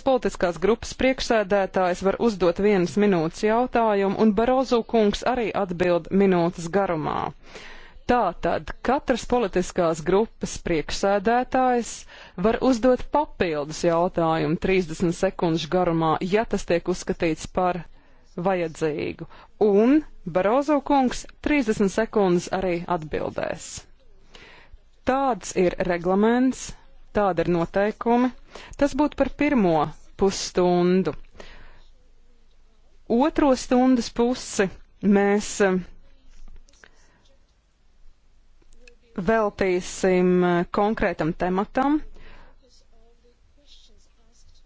Katrs politiskās grupas priekšsēdētājs var uzdot vienas minūtes jautājumu, un Barozu kungs arī atbild minūtes garumā. Tātad katras politiskās grupas priekšsēdētājs var uzdot papildus jautājumu 30 sekundžu garumā, ja tas tiek uzskatīts par vajadzīgu. Un Barozo kungs 30 sekundes arī atbildēs. Tāds ir reglaments, Tāda ir noteikumi. Tas būtu par pirmo pusstundu. Otro stundas pusi mēs eh, veltīsim eh, konkrētam tematam.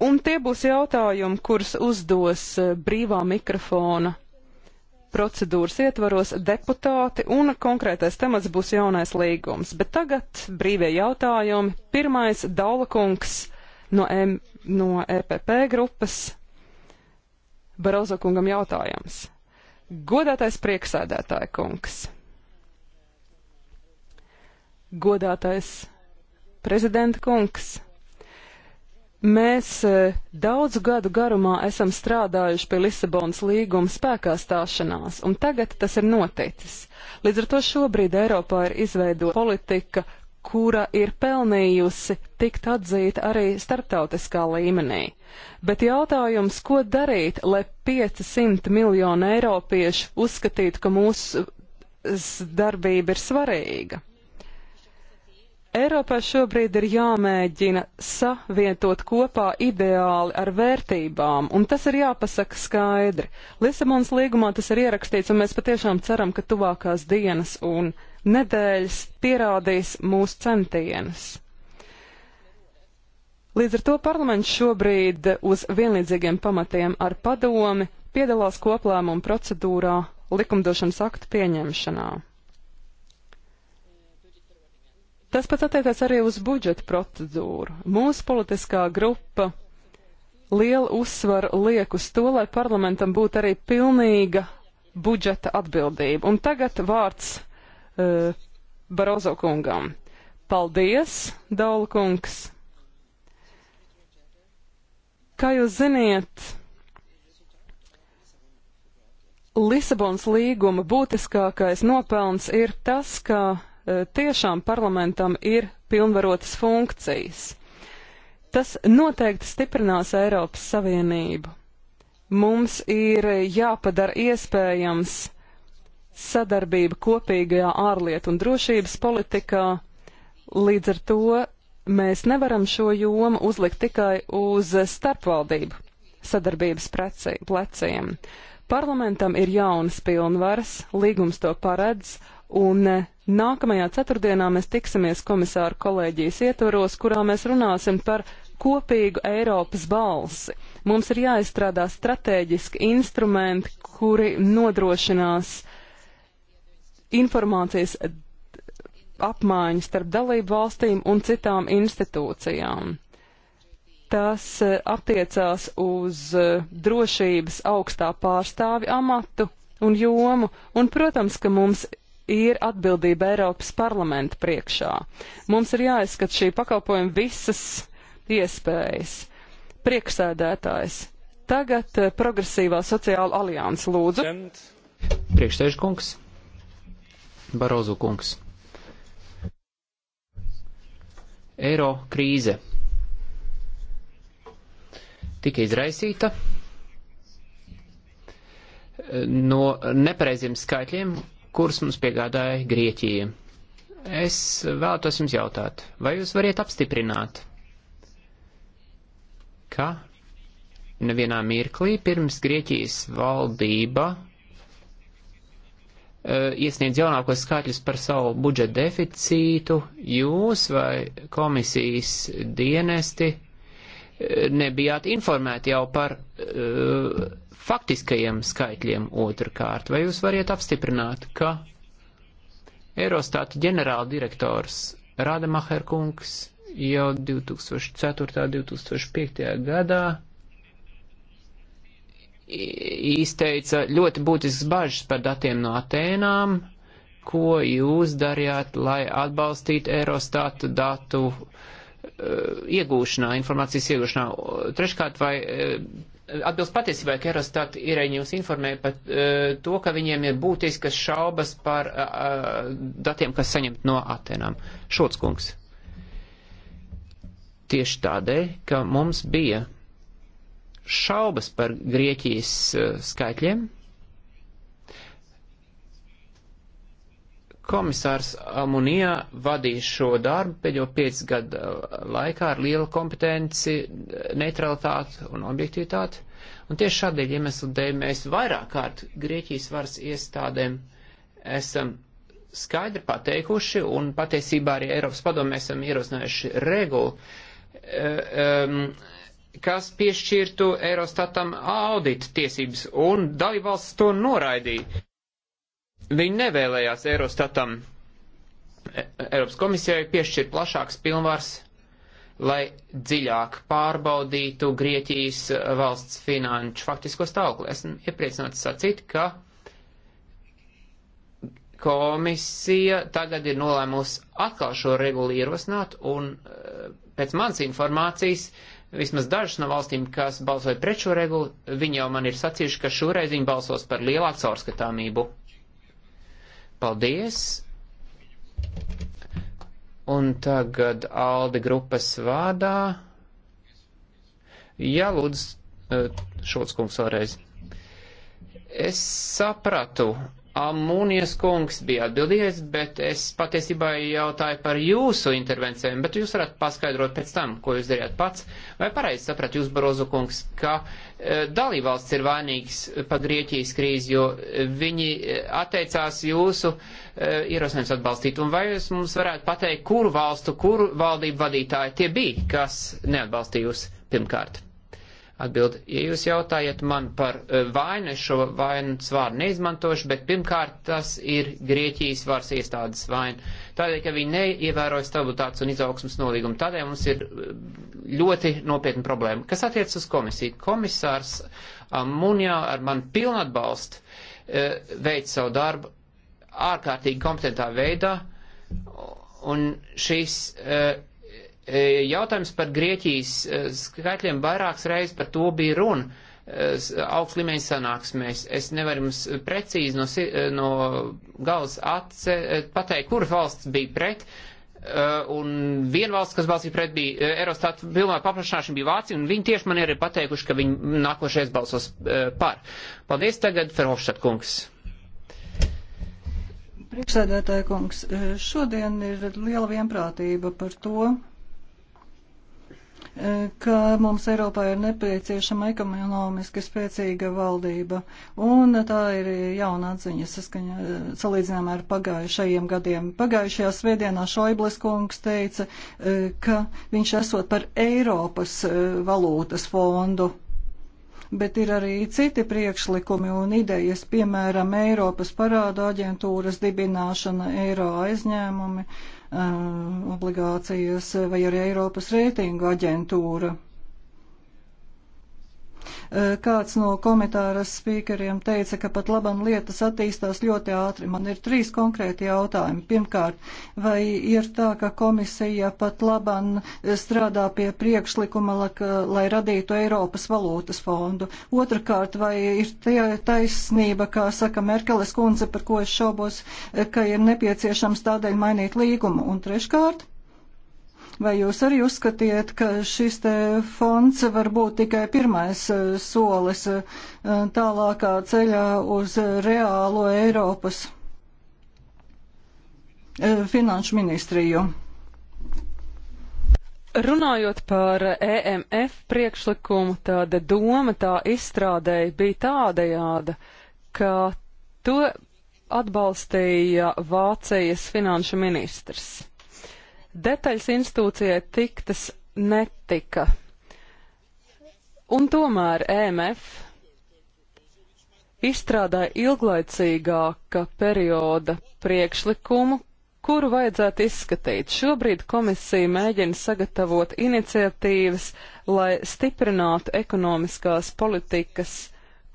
Un tie būs jautājumi, kurus uzdos eh, brīvā mikrofona procedūras ietvaros deputāti un konkrētais temats būs jaunais līgums. Bet tagad brīvie jautājumi. Pirmais - Daulakungs no, M, no EPP grupas. Barozo kungam jautājums. Godātais prieksēdētāja kungs. Godātais prezidenta kungs. Mēs e, daudzu gadu garumā esam strādājuši pie Lisabonas līguma spēkā stāšanās, un tagad tas ir noticis. Līdz ar to šobrīd Eiropā ir izveidota politika, kura ir pelnījusi tikt atzīta arī starptautiskā līmenī. Bet jautājums, ko darīt, lai 500 miljonu eiropiešu uzskatītu, ka mūsu darbība ir svarīga? Eiropai šobrīd ir jāmēģina savietot kopā ideāli ar vērtībām, un tas ir jāpasaka skaidri. Lisabonas līgumā tas ir ierakstīts, un mēs patiešām ceram, ka tuvākās dienas un nedēļas pierādīs mūsu centienus. Līdz ar to parlaments šobrīd uz vienlīdzīgiem pamatiem ar padomi piedalās koplēmumu procedūrā likumdošanas aktu pieņemšanā. Tas pat attiecas arī uz budžeta procedūru. Mūsu politiskā grupa lielu uzsvaru liek uz to, lai parlamentam būtu arī pilnīga budžeta atbildība. Un tagad vārds uh, Barozo kungam. Paldies, Daula kungs! Kā jūs ziniet, Lisabons līguma būtiskākais nopelns ir tas, ka Eh, tiešām parlamentam ir pilnvarotas funkcijas. Tas noteikti stiprinās Eiropas Savienību. Mums ir jāpadara iespējams sadarbība kopīgajā ārlietu un drošības politikā. Līdz ar to mēs nevaram šo jomu uzlikt tikai uz starpvaldību sadarbības preci, pleciem. Parlamentam ir jaunas pilnvaras, līgums to paredz, Un eh, nākamajā ceturtdienā mēs tiksimies komisāru kolēģijas ietvaros, kurā mēs runāsim par kopīgu Eiropas balsi. Mums ir jāizstrādā strateģiski instrumenti, kuri nodrošinās informācijas apmaiņu starp dalību valstīm un citām institūcijām. Tas eh, attiecās uz eh, drošības augstā pārstāvi amatu un jomu, un, protams, ka mums ir atbildība Eiropas parlamenta priekšā. Mums ir jāizskat šī pakalpojuma visas iespējas. Priekšsēdētājs. Tagad eh, progresīvā sociāla alianses lūdzu. Priekšsēžu kungs. Barozu kungs. Eiro krīze tika izraisīta eh, no nepareiziem skaitļiem, kurus mums piegādāja Grieķija. Es vēlētos jums jautāt, vai jūs variet apstiprināt, ka nevienā mirklī pirms Grieķijas valdība e, iesniedz jaunākos skaitļus par savu budžeta deficītu, jūs vai komisijas dienesti nebijāt informēti jau par uh, faktiskajiem skaitļiem otrkārt. Vai jūs variet apstiprināt, ka Eurostata ģenerāla direktors Rādemaherkungs jau 2004. un 2005. gadā izteica ļoti būtisks bažas par datiem no Atēnām, ko jūs darījāt, lai atbalstītu Eurostata datu uh, Uh, iegūšanā, informācijas iegūšanā. Treškārt, vai uh, atbilst patiesībai, ka Eurostat ierēģi jūs informē par uh, to, ka viņiem ir būtiskas šaubas par datiem, kas saņemt no Atenām. Šots kungs. Tieši tādēļ, ka mums bija šaubas par Grieķijas skaitļiem, Komisārs Amunija vadīja šo darbu pēdējo piecu gadu uh, laikā ar lielu kompetenci, neutralitāti un objektivitāti. Un tieši šādēļ iemeslu dēļ mēs vairāk kārt Grieķijas varas iestādēm esam skaidri pateikuši un patiesībā arī Eiropas padomē esam ierosinājuši regulu, uh, um, kas piešķirtu Eurostatam audita tiesības un dalībvalsts to noraidīja Viņi nevēlējās Eurostatam, e, Eiropas komisijai piešķirt plašāks pilnvars, lai dziļāk pārbaudītu Grieķijas valsts finanšu faktisko stāvokli. Esmu iepriecināts sacīt, ka komisija tagad ir nolēmusi atkal šo regulu ierosināt, un e, pēc manas informācijas vismaz dažas no valstīm, kas balsoja pret šo regulu, viņi jau man ir sacījuši, ka šoreiz viņi balsos par lielāku caurskatāmību paldies! Un tagad Alde grupas vārdā. Jā, lūdzu, eh, Šulc kungs vēlreiz. Es sapratu, Amūnijas kungs bija atbildījies, bet es patiesībā jautāju par jūsu intervencijām, bet jūs varat paskaidrot pēc tam, ko jūs darījāt pats. Vai pareizi saprat jūs, Barozu kungs, ka e, dalībvalsts ir vainīgs pa Grieķijas krīzi, jo viņi e, atteicās jūsu e, ierosinājums atbalstīt? Un vai jūs mums varētu pateikt, kuru valstu, kuru valdību vadītāji tie bija, kas neatbalstīja jūs pirmkārt? Atbild, ja jūs jautājat man par e, vainu, es šo vainas vārdu neizmantošu, bet pirmkārt tas ir Grieķijas varas iestādes vaina. Tādēļ, ka viņi neievēroja stabilitātes un izaugsmas nolīgumu, tādēļ mums ir e, ļoti nopietna problēma. Kas attiec uz komisiju? Komisārs Munjā ar man pilnu atbalstu e, veic savu darbu ārkārtīgi kompetentā veidā, un šīs E, jautājums par Grieķijas e, skaitļiem vairākas reizes par to bija runa e, augstlīmeņa sanāksmēs. Es nevaru jums precīzi no, no galvas atce, pateikt, kur valsts bija pret, un viena valsts, kas balsīja pret, bija Eurostat pilnā paplašināšana bija Vācija, un viņi tieši man ir pateikuši, ka viņi nākošais balsos par. Paldies tagad, Ferhofštat kungs. Priekšsēdētāja kungs, šodien ir liela vienprātība par to, ka mums Eiropā ir nepieciešama ekonomiski spēcīga valdība. Un tā ir jauna atziņa saskaņā, salīdzinājumā ar pagājušajiem gadiem. Pagājušajā svētdienā Šoibles kungs teica, e, ka viņš esot par Eiropas e, valūtas fondu bet ir arī citi priekšlikumi un idejas, piemēram, Eiropas parādu aģentūras dibināšana, eiro aizņēmumi obligācijas vai arī Eiropas reitingu aģentūra. Eh, kāds no komentāras spīkeriem teica, ka pat labam lietas attīstās ļoti ātri. Man ir trīs konkrēti jautājumi. Pirmkārt, vai ir tā, ka komisija pat labam eh, strādā pie priekšlikuma, lai radītu Eiropas valūtas fondu? Otrakārt, vai ir taisnība, kā saka Merkeles kundze, par ko es šaubos, eh, ka ir nepieciešams tādēļ mainīt līgumu? Un treškārt, Vai jūs arī uzskatiet, ka šis te fonds var būt tikai pirmais eh, solis eh, tālākā ceļā uz reālo Eiropas eh, finanšu ministriju? Runājot par EMF priekšlikumu, tad doma tā izstrādēja bija tādajāda, ka to atbalstīja Vācijas finanšu ministrs. Detaļas institūcijai tiktas netika. Un tomēr EMF izstrādāja ilglaicīgāka perioda priekšlikumu, kuru vajadzētu izskatīt. Šobrīd komisija mēģina sagatavot iniciatīvas, lai stiprinātu ekonomiskās politikas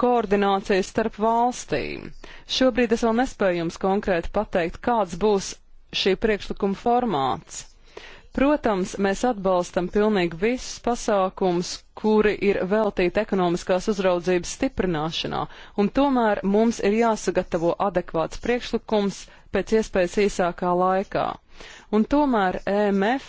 koordināciju starp valstīm. Šobrīd es vēl nespēju jums konkrēti pateikt, kāds būs šī priekšlikuma formāts. Protams, mēs atbalstam pilnīgi visus pasākumus, kuri ir veltīti ekonomiskās uzraudzības stiprināšanā, un tomēr mums ir jāsagatavo adekvāts priekšlikums pēc iespējas īsākā laikā. Un tomēr EMF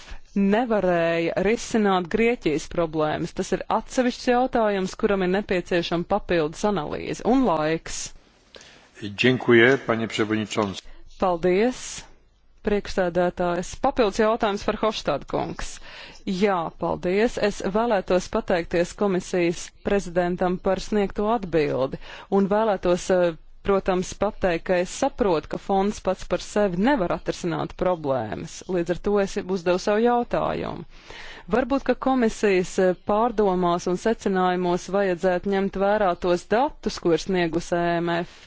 nevarēja risināt Grieķijas problēmas. Tas ir atsevišķs jautājums, kuram ir nepieciešama papildus analīze un laiks. Dziękuję, panie przewodniczący. Paldies! Priekšsēdētājs. Papildus jautājums par Hofstad kungs. Jā, paldies. Es vēlētos pateikties komisijas prezidentam par sniegto atbildi un vēlētos eh, protams, pateikt, ka es saprotu, ka fonds pats par sevi nevar atrisināt problēmas. Līdz ar to es uzdevu savu jautājumu. Varbūt, ka komisijas pārdomās un secinājumos vajadzētu ņemt vērā tos datus, ko ir sniegus EMF,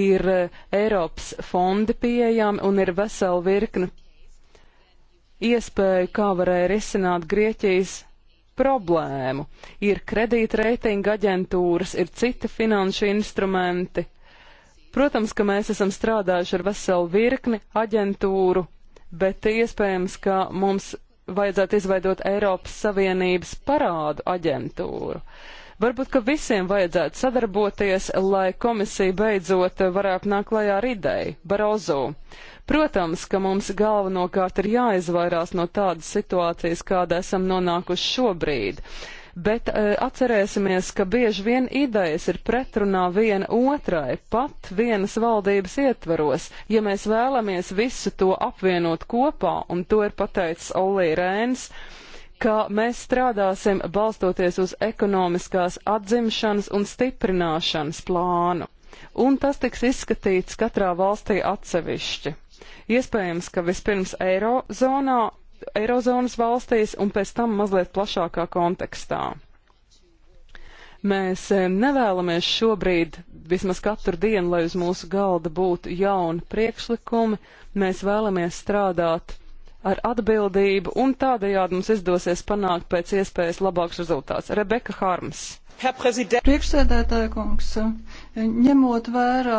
ir eh, Eiropas fondi pieejami un ir vesela virkne iespēju, kā varēja risināt Grieķijas problēmu. Ir kredītreitinga aģentūras, ir citi finanšu instrumenti, Protams, ka mēs esam strādājuši ar veselu virkni aģentūru, bet iespējams, ka mums vajadzētu izveidot Eiropas Savienības parādu aģentūru. Varbūt, ka visiem vajadzētu sadarboties, lai komisija beidzot varētu nākt klajā ar ideju Barozu. Protams, ka mums galvenokārt ir jāizvairās no tādas situācijas, kāda esam nonākuši šobrīd. Uh, bet e, atcerēsimies, ka bieži vien idejas ir pretrunā viena otrai, pat vienas valdības ietvaros. Ja mēs vēlamies visu to apvienot kopā, un to ir pateicis Olī Rēns, ka mēs strādāsim balstoties uz ekonomiskās atzimšanas un stiprināšanas plānu. Un tas tiks izskatīts katrā valstī atsevišķi. Iespējams, ka vispirms Eirozonā Eirozonas valstīs un pēc tam mazliet plašākā kontekstā. Mēs eh, nevēlamies šobrīd vismaz katru dienu, lai uz mūsu galda būtu jauni priekšlikumi. Mēs vēlamies strādāt ar atbildību un tādējādi mums izdosies panākt pēc iespējas labāks rezultāts. Rebeka Harms. Priekšsēdētāja kungs, Ņemot vērā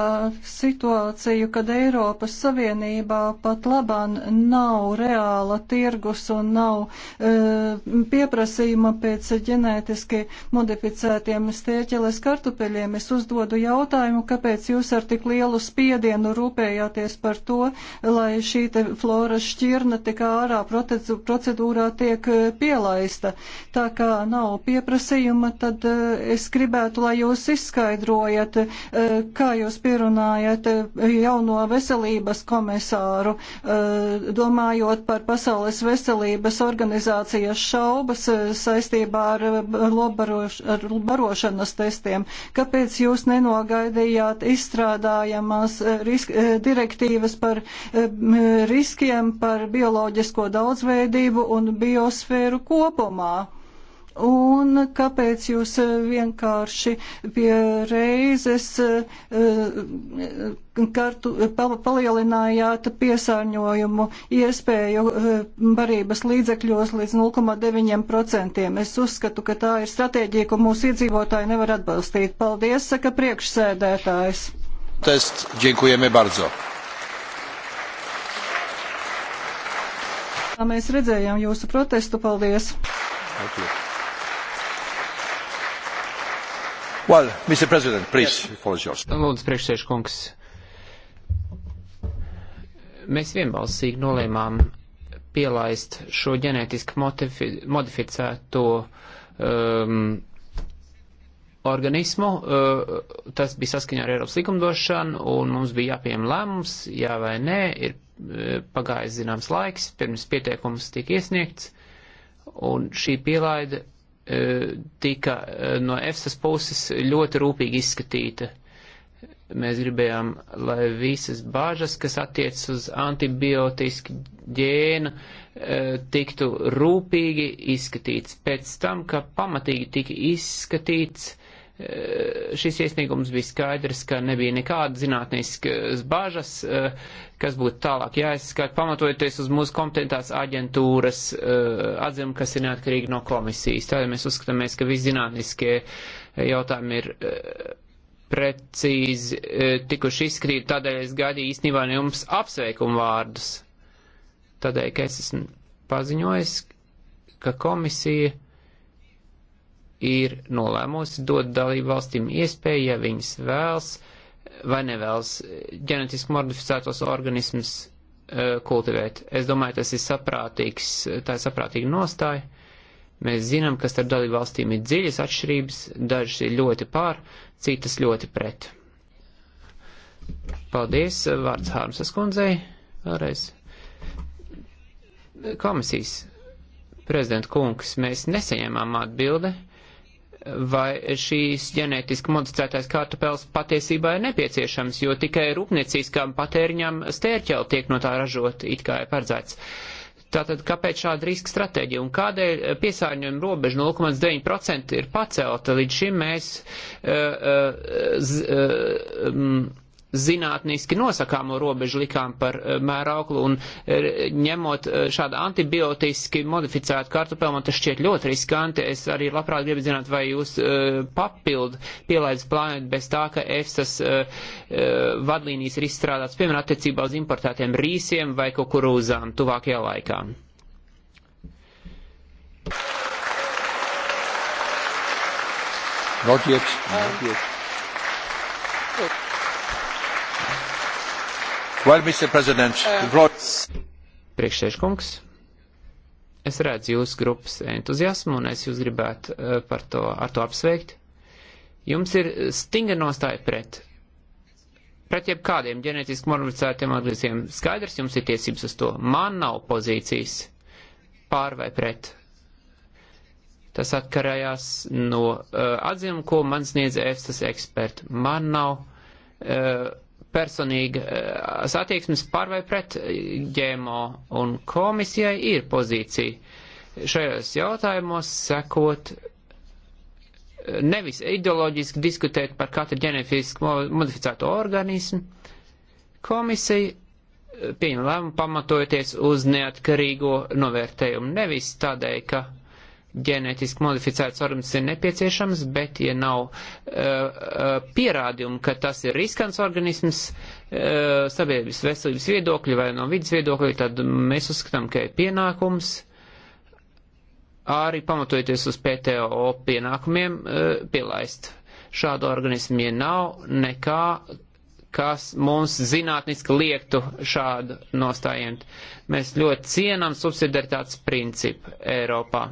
situāciju, kad Eiropas Savienībā pat labāk nav reāla tirgus un nav e, pieprasījuma pēc ģenētiski modificētiem stieķeles kartupeļiem, es uzdodu jautājumu, kāpēc jūs ar tik lielu spiedienu rūpējāties par to, lai šī floras šķirna tik ārā procedūrā tiek e, pielaista. Tā kā nav pieprasījuma, tad e, es gribētu, lai jūs izskaidrojat, Eh, kā jūs pierunājat eh, jauno veselības komisāru, eh, domājot par Pasaules veselības organizācijas šaubas saistībā ar, lobaroš, ar barošanas testiem. Kāpēc jūs nenogaidījāt izstrādājamās risk, direktīvas par riskiem, par bioloģisko daudzveidību un biosfēru kopumā? un kāpēc jūs eh, vienkārši pie reizes eh, kartu, palielinājāt piesārņojumu iespēju eh, barības līdzekļos līdz 0,9%. Es uzskatu, ka tā ir stratēģija, ko mūsu iedzīvotāji nevar atbalstīt. Paldies, saka priekšsēdētājs. Test, dziękujemy bardzo. Mēs redzējām jūsu protestu. Paldies! Thank you. Well, Mr. President, please, yes. for yours. Lūdzu, priekšsēž kungs. Mēs vienbalsīgi nolēmām pielaist šo ģenētiski modifi modificēto um, organismu. Uh, tas bija saskaņā ar Eiropas likumdošanu, un mums bija jāpiem lēmums, jā vai nē, ir uh, pagājis zināms laiks, pirms pieteikums tika iesniegts, un šī pielaida E, tika e, no EFSAS puses ļoti rūpīgi izskatīta. Mēs gribējām, lai visas bāžas, kas attiec uz antibiotisku ģēnu, e, tiktu rūpīgi izskatīts. Pēc tam, ka pamatīgi tika izskatīts Eh, šis iesniegums bija skaidrs, ka nebija nekāda zinātniskas bažas, eh, kas būtu tālāk jāizskat, pamatojoties uz mūsu kompetentās aģentūras eh, atzinumu, kas ir neatkarīgi no komisijas. Tādēļ mēs uzskatāmies, ka visi zinātniskie jautājumi ir precīzi tikuši izskrīt, tādēļ es gaidīju īstenībā no jums apsveikumu vārdus. Tādēļ, ka es esmu paziņojis, ka komisija ir nolēmusi dot dalību valstīm iespēju, ja viņas vēlas vai nevēlas ģenetiski modificētos organismus e, kultivēt. Es domāju, tas ir saprātīgs, tā ir saprātīga nostāja. Mēs zinām, ka starp dalību valstīm ir dziļas atšķirības, dažas ir ļoti pār, citas ļoti pret. Paldies, vārds Hārmsas kundzei, vēlreiz. Komisijas prezidenta kungs, mēs nesaņēmām atbildi vai šīs ģenētiski modificētais kartupels patiesībā ir nepieciešams, jo tikai rūpnieciskām patēriņām stērķeli tiek no tā ražot, it kā ir paredzēts. Tātad, kāpēc šāda riska stratēģija un kādēļ piesārņojuma robeža 0,9% ir pacelta? Līdz šim mēs uh, uh, z, uh, um, zinātniski nosakāmo robežu likām par eh, mērauklu un eh, ņemot eh, šādu antibiotiski modificētu kartupeli, man tas šķiet ļoti riskanti. Es arī labprāt gribu zināt, vai jūs papildu pielaidz plānēt bez tā, ka EFSAS vadlīnijas ir izstrādāts, piemēram, attiecībā uz importētiem rīsiem vai kukurūzām um, tuvākajā laikā. Not yet. Um, Not yet. Um, Well, uh, Priekšsēžkungs, es redzu jūsu grupas entuziasmu un es jūs gribētu uh, par to, ar to apsveikt. Jums ir stinga nostāja pret, pret jebkādiem ģenētiski modificētiem organismiem. Skaidrs, jums ir tiesības uz to. Man nav pozīcijas pār vai pret. Tas atkarējās no uh, atzīmuma, ko man sniedz EFSAS eksperti. Man nav uh, personīga eh, satieksmes par vai pret ģēmo, un komisijai ir pozīcija šajos jautājumos sekot eh, nevis ideoloģiski diskutēt par katru ģenetiski modificēto organismu. Komisija eh, pieņem lēmumu pamatojoties uz neatkarīgo novērtējumu, nevis tādēļ, ka ģenētiski modificēts organisms ir nepieciešams, bet ja nav uh, uh, pierādījumu, ka tas ir riskants organisms uh, sabiedrības veselības viedokļa vai no vidas viedokļa, tad mēs uzskatām, ka ir pienākums arī pamatojoties uz PTO pienākumiem uh, pielaist. Šādu organismu ja nav nekā, kas mums zinātniski liektu šādu nostājienu. Mēs ļoti cienam subsidiaritātes principu Eiropā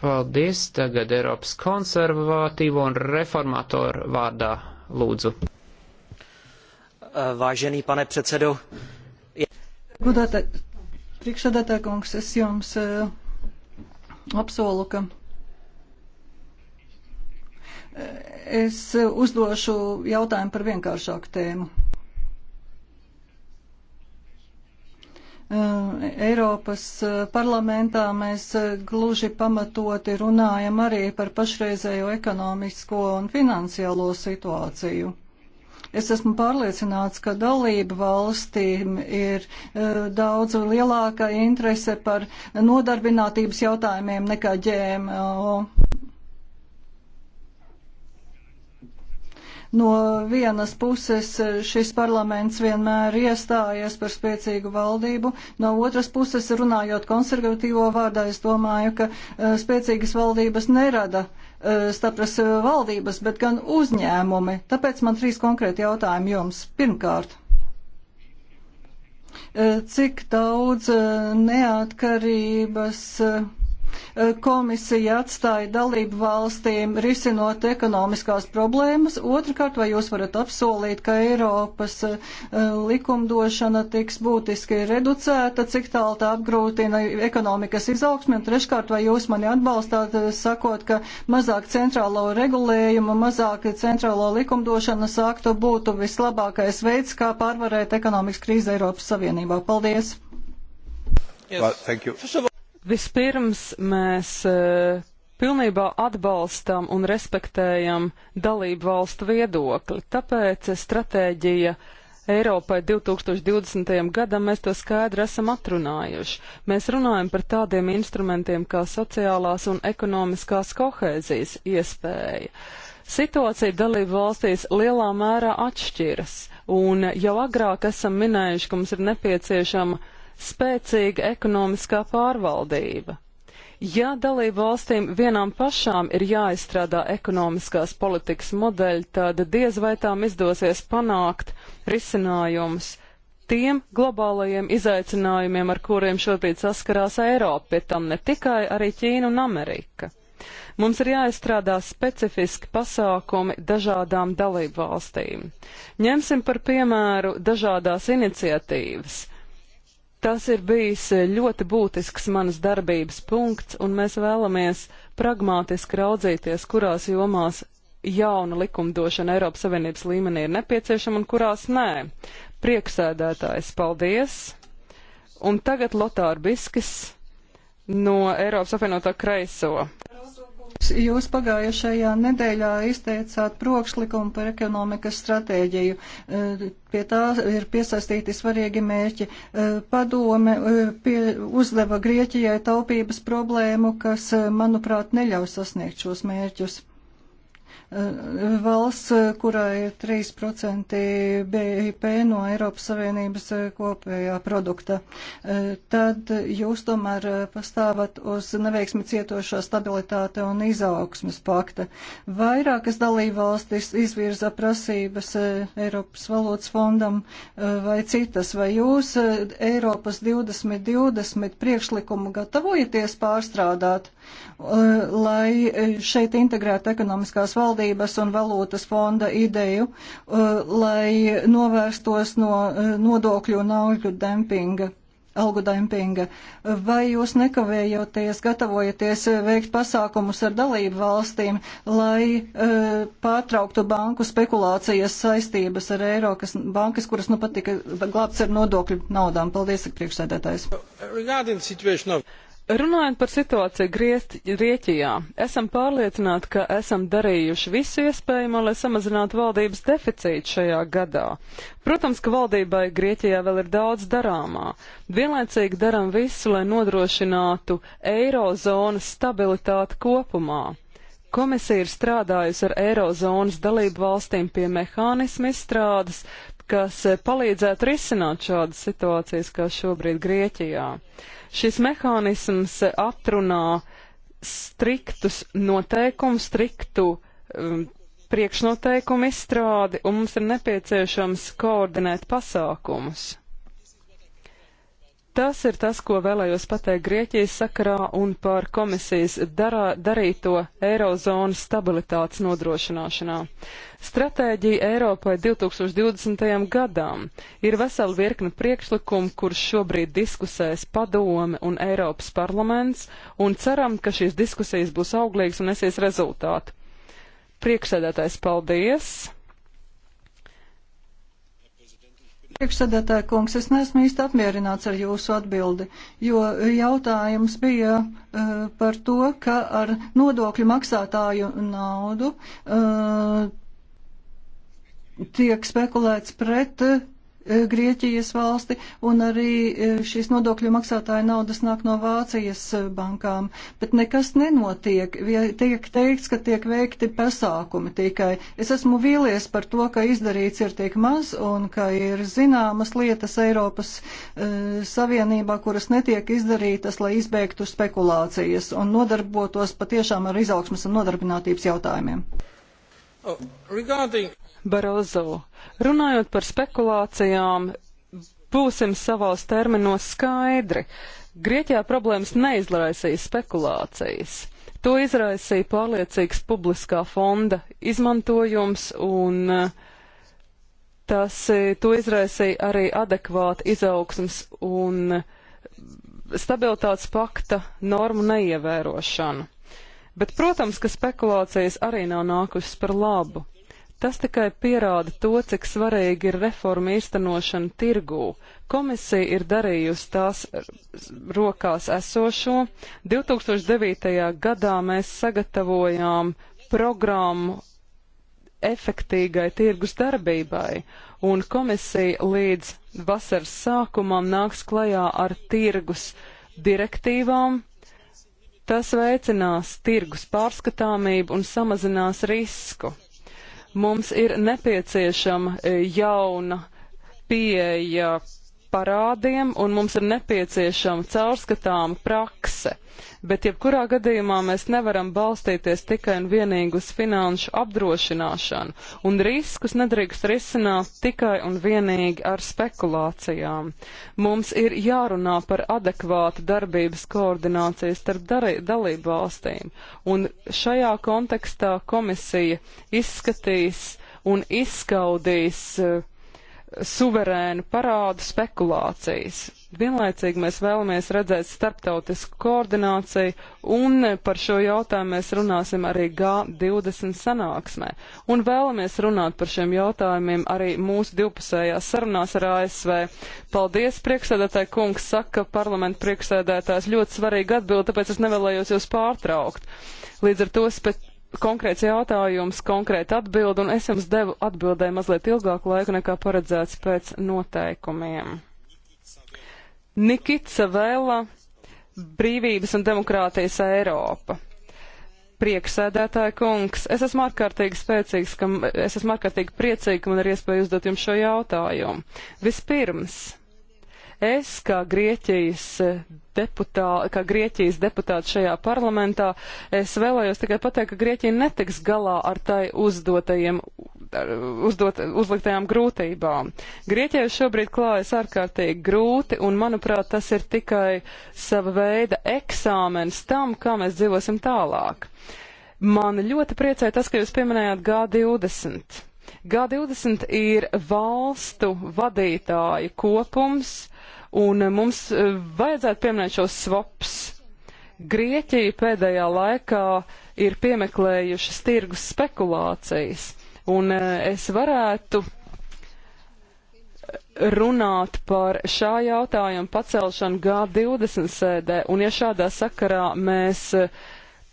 Paldies, tagad Eiropas konservatīvo un reformatoru vārdā lūdzu. Eh, Vāženī, pane predsedu. Godātā, priekšsēdētā kungs, es jums uh, apsolu, ka uh, es uzdošu jautājumu par vienkāršāku tēmu. Eh, Eiropas eh, parlamentā mēs eh, gluži pamatoti runājam arī par pašreizējo ekonomisko un finansiālo situāciju. Es esmu pārliecināts, ka dalība valstīm ir uh, daudz lielāka interese par nodarbinātības jautājumiem nekā ģēmo. Uh, No vienas puses eh, šis parlaments vienmēr iestājies par spēcīgu valdību, no otras puses runājot konservatīvo vārdā, es domāju, ka eh, spēcīgas valdības nerada eh, stapras valdības, bet gan uzņēmumi. Tāpēc man trīs konkrēti jautājumi jums. Pirmkārt, cik daudz neatkarības komisija atstāja dalību valstīm risinot ekonomiskās problēmas? Otrakārt, vai jūs varat apsolīt, ka Eiropas eh, likumdošana tiks būtiski reducēta, cik tālu tā apgrūtina ekonomikas izaugsmi? Un treškārt, vai jūs mani atbalstāt, eh, sakot, ka mazāk centrālo regulējumu, mazāk centrālo likumdošanu sāktu būtu vislabākais veids, kā pārvarēt ekonomikas krīzi Eiropas Savienībā. Paldies! Yes. Well, Vispirms mēs e, pilnībā atbalstam un respektējam dalību valstu viedokli, tāpēc stratēģija Eiropai 2020. gadam mēs to skaidri esam atrunājuši. Mēs runājam par tādiem instrumentiem kā sociālās un ekonomiskās kohēzijas iespēja. Situācija dalību valstīs lielā mērā atšķiras, un jau agrāk esam minējuši, ka mums ir nepieciešama spēcīga ekonomiskā pārvaldība. Ja dalību valstīm vienām pašām ir jāizstrādā ekonomiskās politikas modeļi, tad diez vai tām izdosies panākt risinājumus tiem globālajiem izaicinājumiem, ar kuriem šobrīd saskarās Eiropa, pie tam ne tikai arī Ķīna un Amerika. Mums ir jāizstrādā specifiski pasākumi dažādām dalību valstīm. Ņemsim par piemēru dažādās iniciatīvas. Tas ir bijis ļoti būtisks manas darbības punkts, un mēs vēlamies pragmātiski raudzīties, kurās jomās jauna likumdošana Eiropas Savienības līmenī ir nepieciešama un kurās nē. Prieksēdētājs, paldies! Un tagad Lotāra Biskis no Eiropas apvienotā kreiso. Jūs pagājušajā nedēļā izteicāt prokšlikumu par ekonomikas stratēģiju. Eh, pie tā ir piesaistīti svarīgi mērķi. Eh, padome eh, pie, uzdeva Grieķijai taupības problēmu, kas, manuprāt, neļauj sasniegt šos mērķus valsts, kurai ir 3% BIP no Eiropas Savienības kopējā produkta, tad jūs tomēr pastāvat uz neveiksmi cietošā stabilitāte un izaugsmas pakta. Vairākas dalībvalstis izvirza prasības Eiropas valodas fondam vai citas, vai jūs Eiropas 2020 priekšlikumu gatavojaties pārstrādāt? lai šeit integrētu ekonomiskās valdības un valūtas fonda ideju, eh, lai novērstos no eh, nodokļu un algu dempinga algu dempinga. Vai jūs nekavējoties gatavojaties veikt pasākumus ar dalību valstīm, lai uh, pārtrauktu banku spekulācijas saistības ar eiro, kas bankas, kuras nu pat tika glābts ar nodokļu naudām? Paldies, priekšsēdētājs. Runājot par situāciju griezt, Grieķijā, esam pārliecināti, ka esam darījuši visu iespējamo, lai samazinātu valdības deficītu šajā gadā. Protams, ka valdībai Grieķijā vēl ir daudz darāmā. Vienlaicīgi daram visu, lai nodrošinātu eirozonas stabilitāti kopumā. Komisija ir strādājusi ar Eirozonas dalību valstīm pie mehānismu izstrādes, kas palīdzētu risināt šādas situācijas, kā šobrīd Grieķijā. Šis mehānisms atrunā striktus noteikumus, striktu um, priekšnoteikumu izstrādi, un mums ir nepieciešams koordinēt pasākumus. Tas ir tas, ko vēlējos pateikt Grieķijas sakarā un par komisijas darā, darīto Eirozonas stabilitātes nodrošināšanā. Stratēģija Eiropai 2020. gadām ir vesela virkne priekšlikumu, kurš šobrīd diskusēs padome un Eiropas parlaments, un ceram, ka šīs diskusijas būs auglīgas un nesies rezultātu. Priekšsēdētājs paldies! Priekšsēdētāja kungs, es neesmu īsti apmierināts ar jūsu atbildi, jo jautājums bija uh, par to, ka ar nodokļu maksātāju naudu uh, tiek spekulēts pret uh, E, Grieķijas valsti, un arī e, šīs nodokļu maksātāja naudas nāk no Vācijas e, bankām. Bet nekas nenotiek. Tiek teikts, ka tiek veikti pasākumi tikai. Es esmu vīlies par to, ka izdarīts ir tik maz un ka ir zināmas lietas Eiropas e, Savienībā, kuras netiek izdarītas, lai izbēgtu spekulācijas un nodarbotos patiešām ar izaugsmas un nodarbinātības jautājumiem. Oh, regarding Barozo, runājot par spekulācijām, būsim savos terminos skaidri. Grieķijā problēmas neizraisīja spekulācijas. To izraisīja pārliecīgs publiskā fonda izmantojums un tas, eh, to izraisīja arī adekvāta izaugsmas un stabilitātes pakta normu neievērošana. Bet, protams, ka spekulācijas arī nav nākušas par labu. Tas tikai pierāda to, cik svarīgi ir reforma īstenošana tirgū. Komisija ir darījusi tās eh, rokās esošo. 2009. gadā mēs sagatavojām programmu efektīgai tirgus darbībai, un komisija līdz vasaras sākumam nāks klajā ar tirgus direktīvām. Tas veicinās tirgus pārskatāmību un samazinās risku. Mums ir nepieciešama eh, jauna pieeja parādiem un mums ir nepieciešama caurskatāma prakse. Bet jebkurā gadījumā mēs nevaram balstīties tikai un vienīgi uz finanšu apdrošināšanu, un riskus nedrīkst risināt tikai un vienīgi ar spekulācijām. Mums ir jārunā par adekvātu darbības koordināciju starp dalību valstīm, un šajā kontekstā komisija izskatīs un izskaudīs uh, suverēnu parādu spekulācijas. Vienlaicīgi mēs vēlamies redzēt starptautisku koordināciju, un par šo jautājumu mēs runāsim arī G20 sanāksmē. Un vēlamies runāt par šiem jautājumiem arī mūsu divpusējās sarunās ar ASV. Paldies, priekšsēdētāji kungs, saka parlamenta priekšsēdētājs. Ļoti svarīgi atbild, tāpēc es nevēlējos jūs pārtraukt. Līdz ar to konkrēts jautājums, konkrēta atbilde, un es jums devu atbildēju mazliet ilgāku laiku nekā paredzēts pēc noteikumiem. Nikita Vela, Brīvības un demokrātijas Eiropa. Prieksēdētāja kungs, es esmu ārkārtīgi spēcīgs, ka es esmu ārkārtīgi priecīgi, ka man ir iespēja uzdot jums šo jautājumu. Vispirms, Es, kā Grieķijas eh, deputā, kā Grieķijas deputāts šajā parlamentā, es vēlējos tikai pateikt, ka Grieķija netiks galā ar tai uzdotajiem, uzdot, uzliktajām grūtībām. Grieķijai šobrīd klājas ārkārtīgi grūti, un manuprāt, tas ir tikai sava veida eksāmens tam, kā mēs dzīvosim tālāk. Man ļoti priecē tas, ka jūs pieminējāt G20. G20 ir valstu vadītāju kopums, Un eh, mums eh, vajadzētu pieminēt šos swaps. Grieķija pēdējā laikā ir piemeklējušas tirgus spekulācijas, un eh, es varētu runāt par šā jautājuma pacelšanu G20 sēdē, un ja šādā sakarā mēs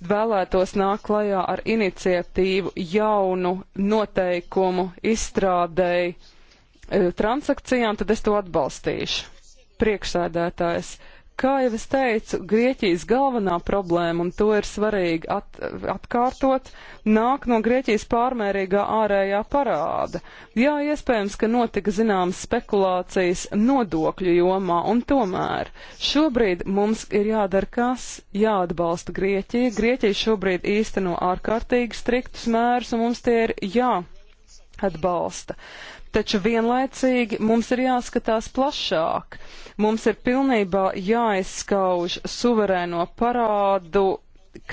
vēlētos nākt klajā ar iniciatīvu jaunu noteikumu izstrādēji transakcijām, tad es to atbalstīšu priekšsēdētājs. Kā jau es teicu, Grieķijas galvenā problēma, un to ir svarīgi at, atkārtot, nāk no Grieķijas pārmērīgā ārējā parāda. Jā, iespējams, ka notika zināmas spekulācijas nodokļu jomā, un tomēr šobrīd mums ir jādara kas, jāatbalsta Grieķija. Grieķija šobrīd īsteno ārkārtīgi striktus mērus, un mums tie ir jā atbalsta taču vienlaicīgi mums ir jāskatās plašāk. Mums ir pilnībā jāizskauž suverēno parādu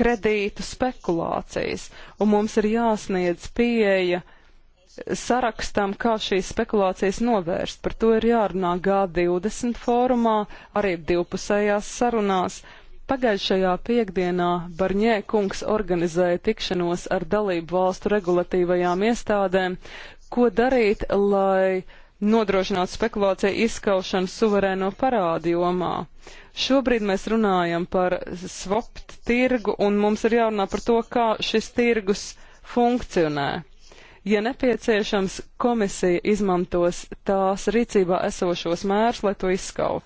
kredītu spekulācijas, un mums ir jāsniedz pieeja sarakstam, kā šīs spekulācijas novērst. Par to ir jārunā G20 fórumā, arī divpusējās sarunās. Pagājušajā piekdienā Barņē kungs organizēja tikšanos ar dalību valstu regulatīvajām iestādēm, ko darīt, lai nodrošinātu spekulāciju izskaušanu suverēno parādu jomā. Šobrīd mēs runājam par swapt tirgu, un mums ir jārunā par to, kā šis tirgus funkcionē. Ja nepieciešams, komisija izmantos tās rīcībā esošos mērs, lai to izskaut.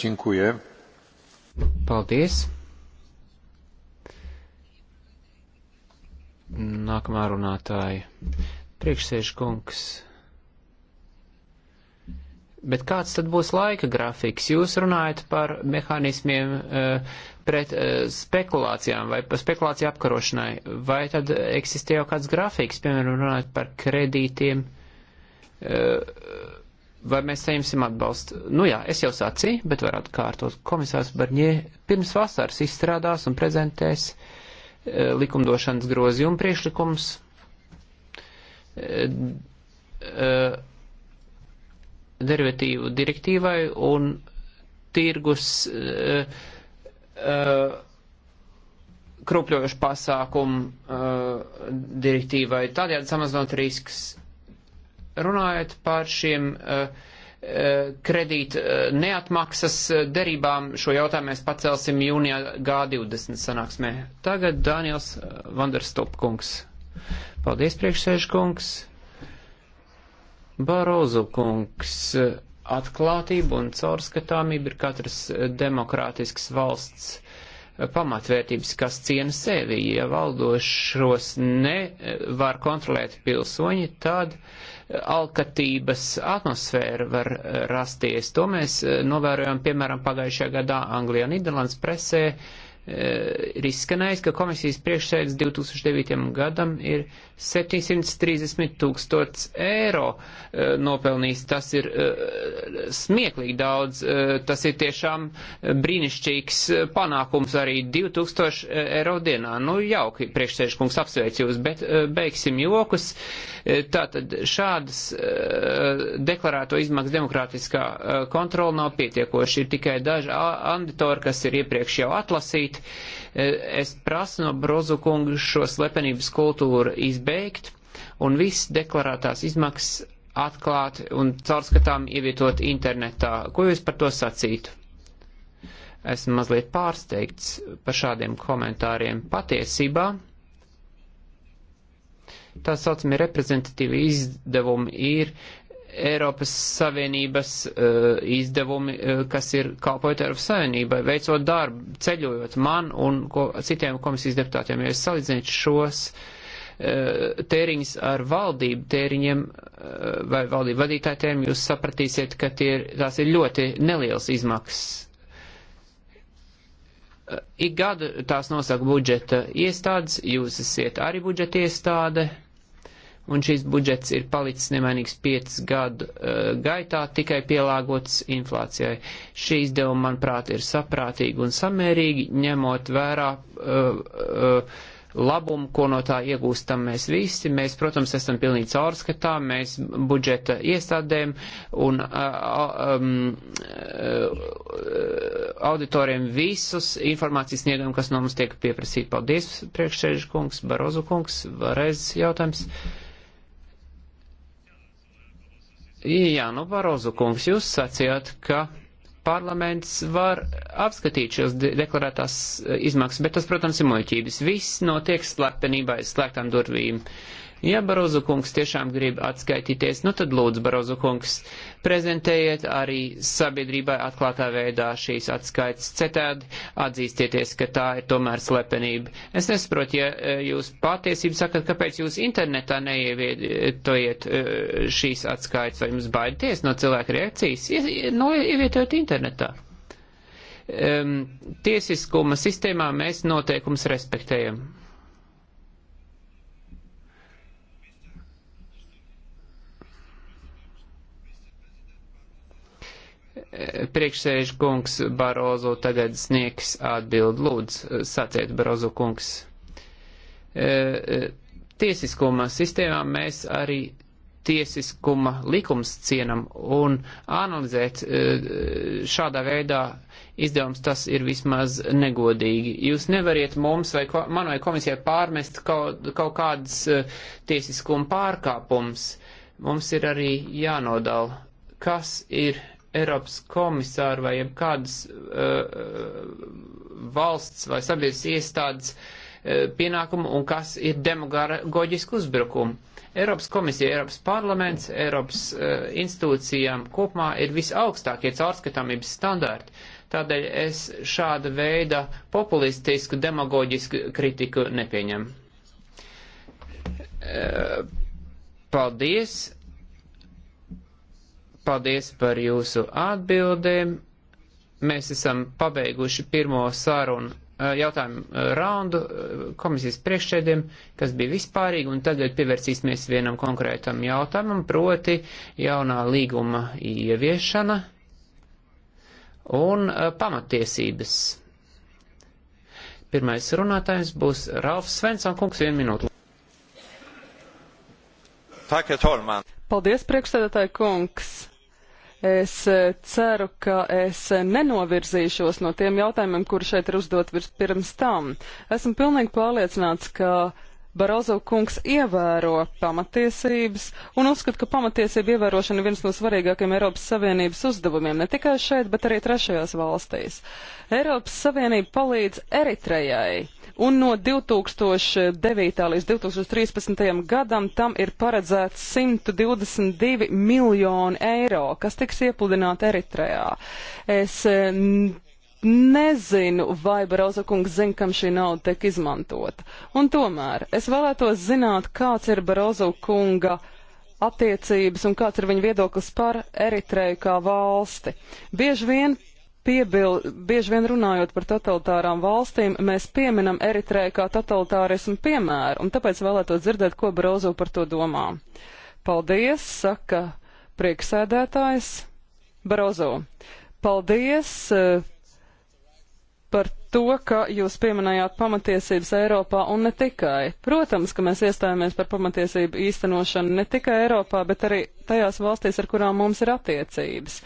Činkuje. E, Paldies. Nākamā runātāja. Priekšsēžkungs. Bet kāds tad būs laika grafiks? Jūs runājat par mehānismiem eh, pret eh, spekulācijām vai par spekulāciju apkarošanai. Vai tad eksistē jau kāds grafiks, piemēram, runājot par kredītiem? Eh, vai mēs saņemsim atbalstu. Nu jā, es jau sacīju, bet var atkārtot. Komisārs Barņē pirms vasaras izstrādās un prezentēs e, likumdošanas grozījumu priekšlikums Eh, derivatīvu direktīvai un tirgus eh, eh, krupļojušu pasākumu direktīvai, tādējādi samazinot risks. Runājot par šiem kredīt neatmaksas derībām, šo jautājumu mēs pacelsim jūnijā G20 sanāksmē. Tagad Dānijas Vanderstopkungs. Paldies, priekšsēžkungs. Barozu kungs, atklātība un caurskatāmība ir katras demokrātiskas valsts pamatvērtības, kas ciena sevi. Ja valdošos nevar kontrolēt pilsoņi, tad alkatības atmosfēra var rasties. To mēs novērojam, piemēram, pagājušajā gadā Anglijā, Nīderlandes presē. Uh, Eh, ir izskanējis, ka komisijas priekšsēdus 2009. gadam ir 730 tūkstots eiro eh, nopelnījis. Tas ir eh, smieklīgi daudz, tas ir tiešām brīnišķīgs panākums arī 2000 eiro dienā. Nu, jauki, priekšsēdškungs, apsveic jūs, bet beigsim jokus. Tātad šādas deklarēto izmaksu demokrātiskā kontrola nav pietiekoši. Ir tikai daži auditori, kas ir iepriekš jau atlasīti darīt. E, es prasu no Brozu kungu šo slepenības kultūru izbeigt un viss deklarētās izmaksas atklāt un caurskatām ievietot internetā. Ko jūs par to sacītu? Esmu mazliet pārsteigts par šādiem komentāriem. Patiesībā tā saucamie reprezentatīvi izdevumi ir Eiropas Savienības uh, izdevumi, uh, kas ir kalpojot Eiropas Savienībai, veicot darbu, ceļojot man un ko, citiem komisijas deputātiem. Ja es salīdzinu šos uh, tēriņus ar valdību tēriņiem uh, vai valdību vadītāju tēriņiem, jūs sapratīsiet, ka tie ir, tās ir ļoti nelielas izmaksas. Uh, ik gadu tās nosaka budžeta iestādes, jūs esat arī budžeta iestāde. Uh, un šis budžets ir palicis nemainīgs 5 gadu uh, gaitā, tikai pielāgots inflācijai. Šī izdevuma, manuprāt, ir saprātīga un samērīga, ņemot vērā uh, uh, labumu, ko no tā iegūstam mēs visi. Mēs, protams, esam pilnīgi caurskatā, mēs budžeta iestādēm un uh, um, auditoriem visus informācijas sniegam, kas no mums tiek pieprasīta. Paldies, priekšsēžu kungs, Barozu kungs, varēs jautājums. Uh, Jā, nu, Barozu kungs, jūs sacījāt, ka parlaments var apskatīt šos deklarētās eh, izmaksas, bet tas, protams, ir muļķības. Viss notiek slēptenībā, slēgtām durvīm. Uh, Ja Barozu kungs tiešām grib atskaitīties, nu tad lūdzu, Barozu kungs, prezentējiet arī sabiedrībai atklātā veidā šīs atskaites citādi, atzīstieties, ka tā ir tomēr slepenība. Es nesaprotu, ja eh, jūs patiesību sakat, kāpēc jūs internetā neievietojiet eh, šīs atskaites, vai jums baidieties no cilvēku reakcijas, no ievietojiet internetā. Um, tiesiskuma sistēmā mēs noteikums respektējam. Priekšsēžu kungs Barozo tagad sniegs atbild lūdzu, sacēt Barozo kungs. E, e, tiesiskuma sistēmā mēs arī tiesiskuma likums cienam un analizēt e, šādā veidā izdevums tas ir vismaz negodīgi. Jūs nevariet mums vai man vai komisijai pārmest kaut, kaut kādas tiesiskuma pārkāpums. Mums ir arī jānodala, kas ir Eiropas komisāru vai kādas uh, uh, valsts vai sabiedrības iestādes uh, pienākumu un kas ir demagoģiski uzbrukumi. Eiropas komisija, Eiropas parlaments, Eiropas uh, institūcijām kopumā ir visaugstākie caurskatāmības standarti. Tādēļ es šāda veida populistisku, demagoģisku kritiku nepieņemu. Uh, paldies! Paldies par jūsu atbildēm. Mēs esam pabeiguši pirmo sarunu eh, jautājumu eh, raundu eh, komisijas priekšsēdiem, kas bija vispārīgi, un tagad pievērsīsimies vienam konkrētam jautājumam, proti jaunā līguma ieviešana un pamatiesības. Pirmais runātājs būs Ralfs Svensson kungs, vienu minūtu. Paldies, priekšsēdētāji kungs! Es eh, ceru, ka es nenovirzīšos no tiem jautājumiem, kuri šeit ir uzdot pirms tam. Esmu pilnīgi pārliecināts, ka Barozo kungs ievēro pamatiesības un uzskata, ka pamatiesība ievērošana ir viens no svarīgākajiem Eiropas Savienības uzdevumiem ne tikai šeit, bet arī trešajās valstīs. Eiropas Savienība palīdz Eritrejai un no 2009. līdz 2013. gadam tam ir paredzēts 122 miljoni eiro, kas tiks iepludināti Eritrejā. Es mm, nezinu, vai Barozokungs zina, kam šī nauda tiek izmantota. Un tomēr es vēlētos zināt, kāds ir Barozokunga attiecības un kāds ir viņa viedoklis par Eritreju kā valsti. Bieži vien piebil, bieži vien runājot par totalitārām valstīm, mēs pieminam Eritreju kā totalitārismu piemēru, un tāpēc vēlētos dzirdēt, ko Barozo par to domā. Paldies, saka prieksēdētājs Barozo. Paldies eh, par to, ka jūs pieminējāt pamatiesības Eiropā un ne tikai. Protams, ka mēs iestājāmies par pamatiesību īstenošanu ne tikai Eiropā, bet arī tajās valstīs, ar kurām mums ir attiecības.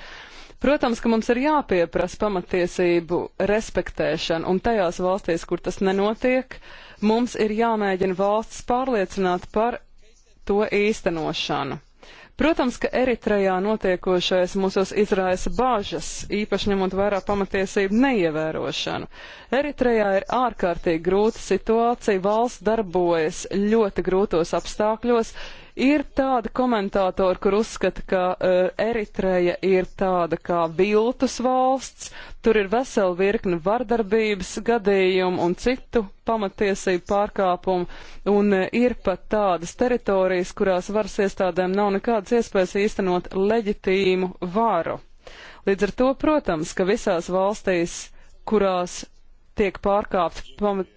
Protams, ka mums ir jāpieprasa pamatiesību respektēšana, un tajās valstīs, kur tas nenotiek, mums ir jāmēģina valsts pārliecināt par to īstenošanu. Protams, ka Eritrejā notiekošais mūsos izraisa bāžas, īpaši ņemot vērā pamatiesību neievērošanu. Eritrejā ir ārkārtīgi grūta situācija, valsts darbojas ļoti grūtos apstākļos, Ir tāda komentātora, kur uzskata, ka uh, Eritreja ir tāda kā viltus valsts, tur ir vesela virkne vardarbības gadījumu un citu pamatiesību pārkāpumu, un uh, ir pat tādas teritorijas, kurās varas iestādēm nav nekādas iespējas īstenot leģitīmu varu. Līdz ar to, protams, ka visās valstīs, kurās tiek pārkāptas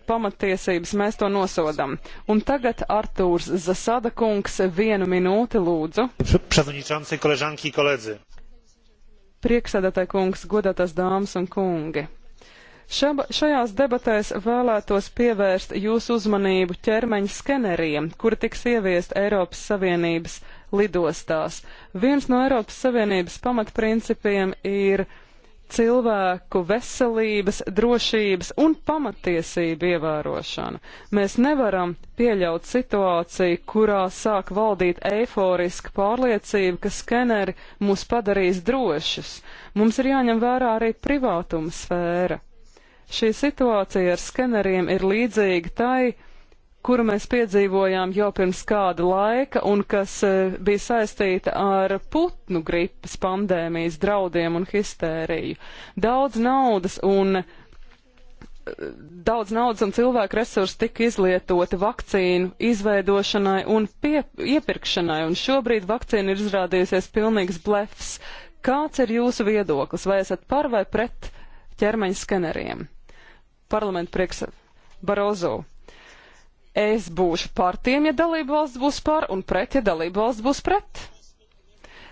pamatiesības, mēs to nosodam. Un tagad Artūrs Zasada kungs vienu minūti lūdzu. Prieksēdētāji kungs, godātās dāmas un kungi. Šab, šajās debatēs vēlētos pievērst jūsu uzmanību ķermeņa skeneriem, kuri tiks ieviest Eiropas Savienības lidostās. Viens no Eiropas Savienības pamatprincipiem ir uh, cilvēku veselības, drošības un pamatiesību ievērošana. Mēs nevaram pieļaut situāciju, kurā sāk valdīt eiforiska pārliecība, ka skeneri mūs padarīs drošus. Mums ir jāņem vērā arī privātuma sfēra. Šī situācija ar skeneriem ir līdzīga tai, kuru mēs piedzīvojām jau pirms kāda laika un kas eh, bija saistīta ar putnu gripas pandēmijas draudiem un histēriju. Daudz naudas un eh, daudz naudas un cilvēku resursu tika izlietoti vakcīnu izveidošanai un pie, iepirkšanai, un šobrīd vakcīna ir izrādījusies pilnīgs blefs. Kāds ir jūsu viedoklis? Vai esat par vai pret ķermeņa skeneriem? Parlamenta prieks Barozo es būšu par tiem, ja dalību valsts būs par, un pret, ja dalību valsts būs pret.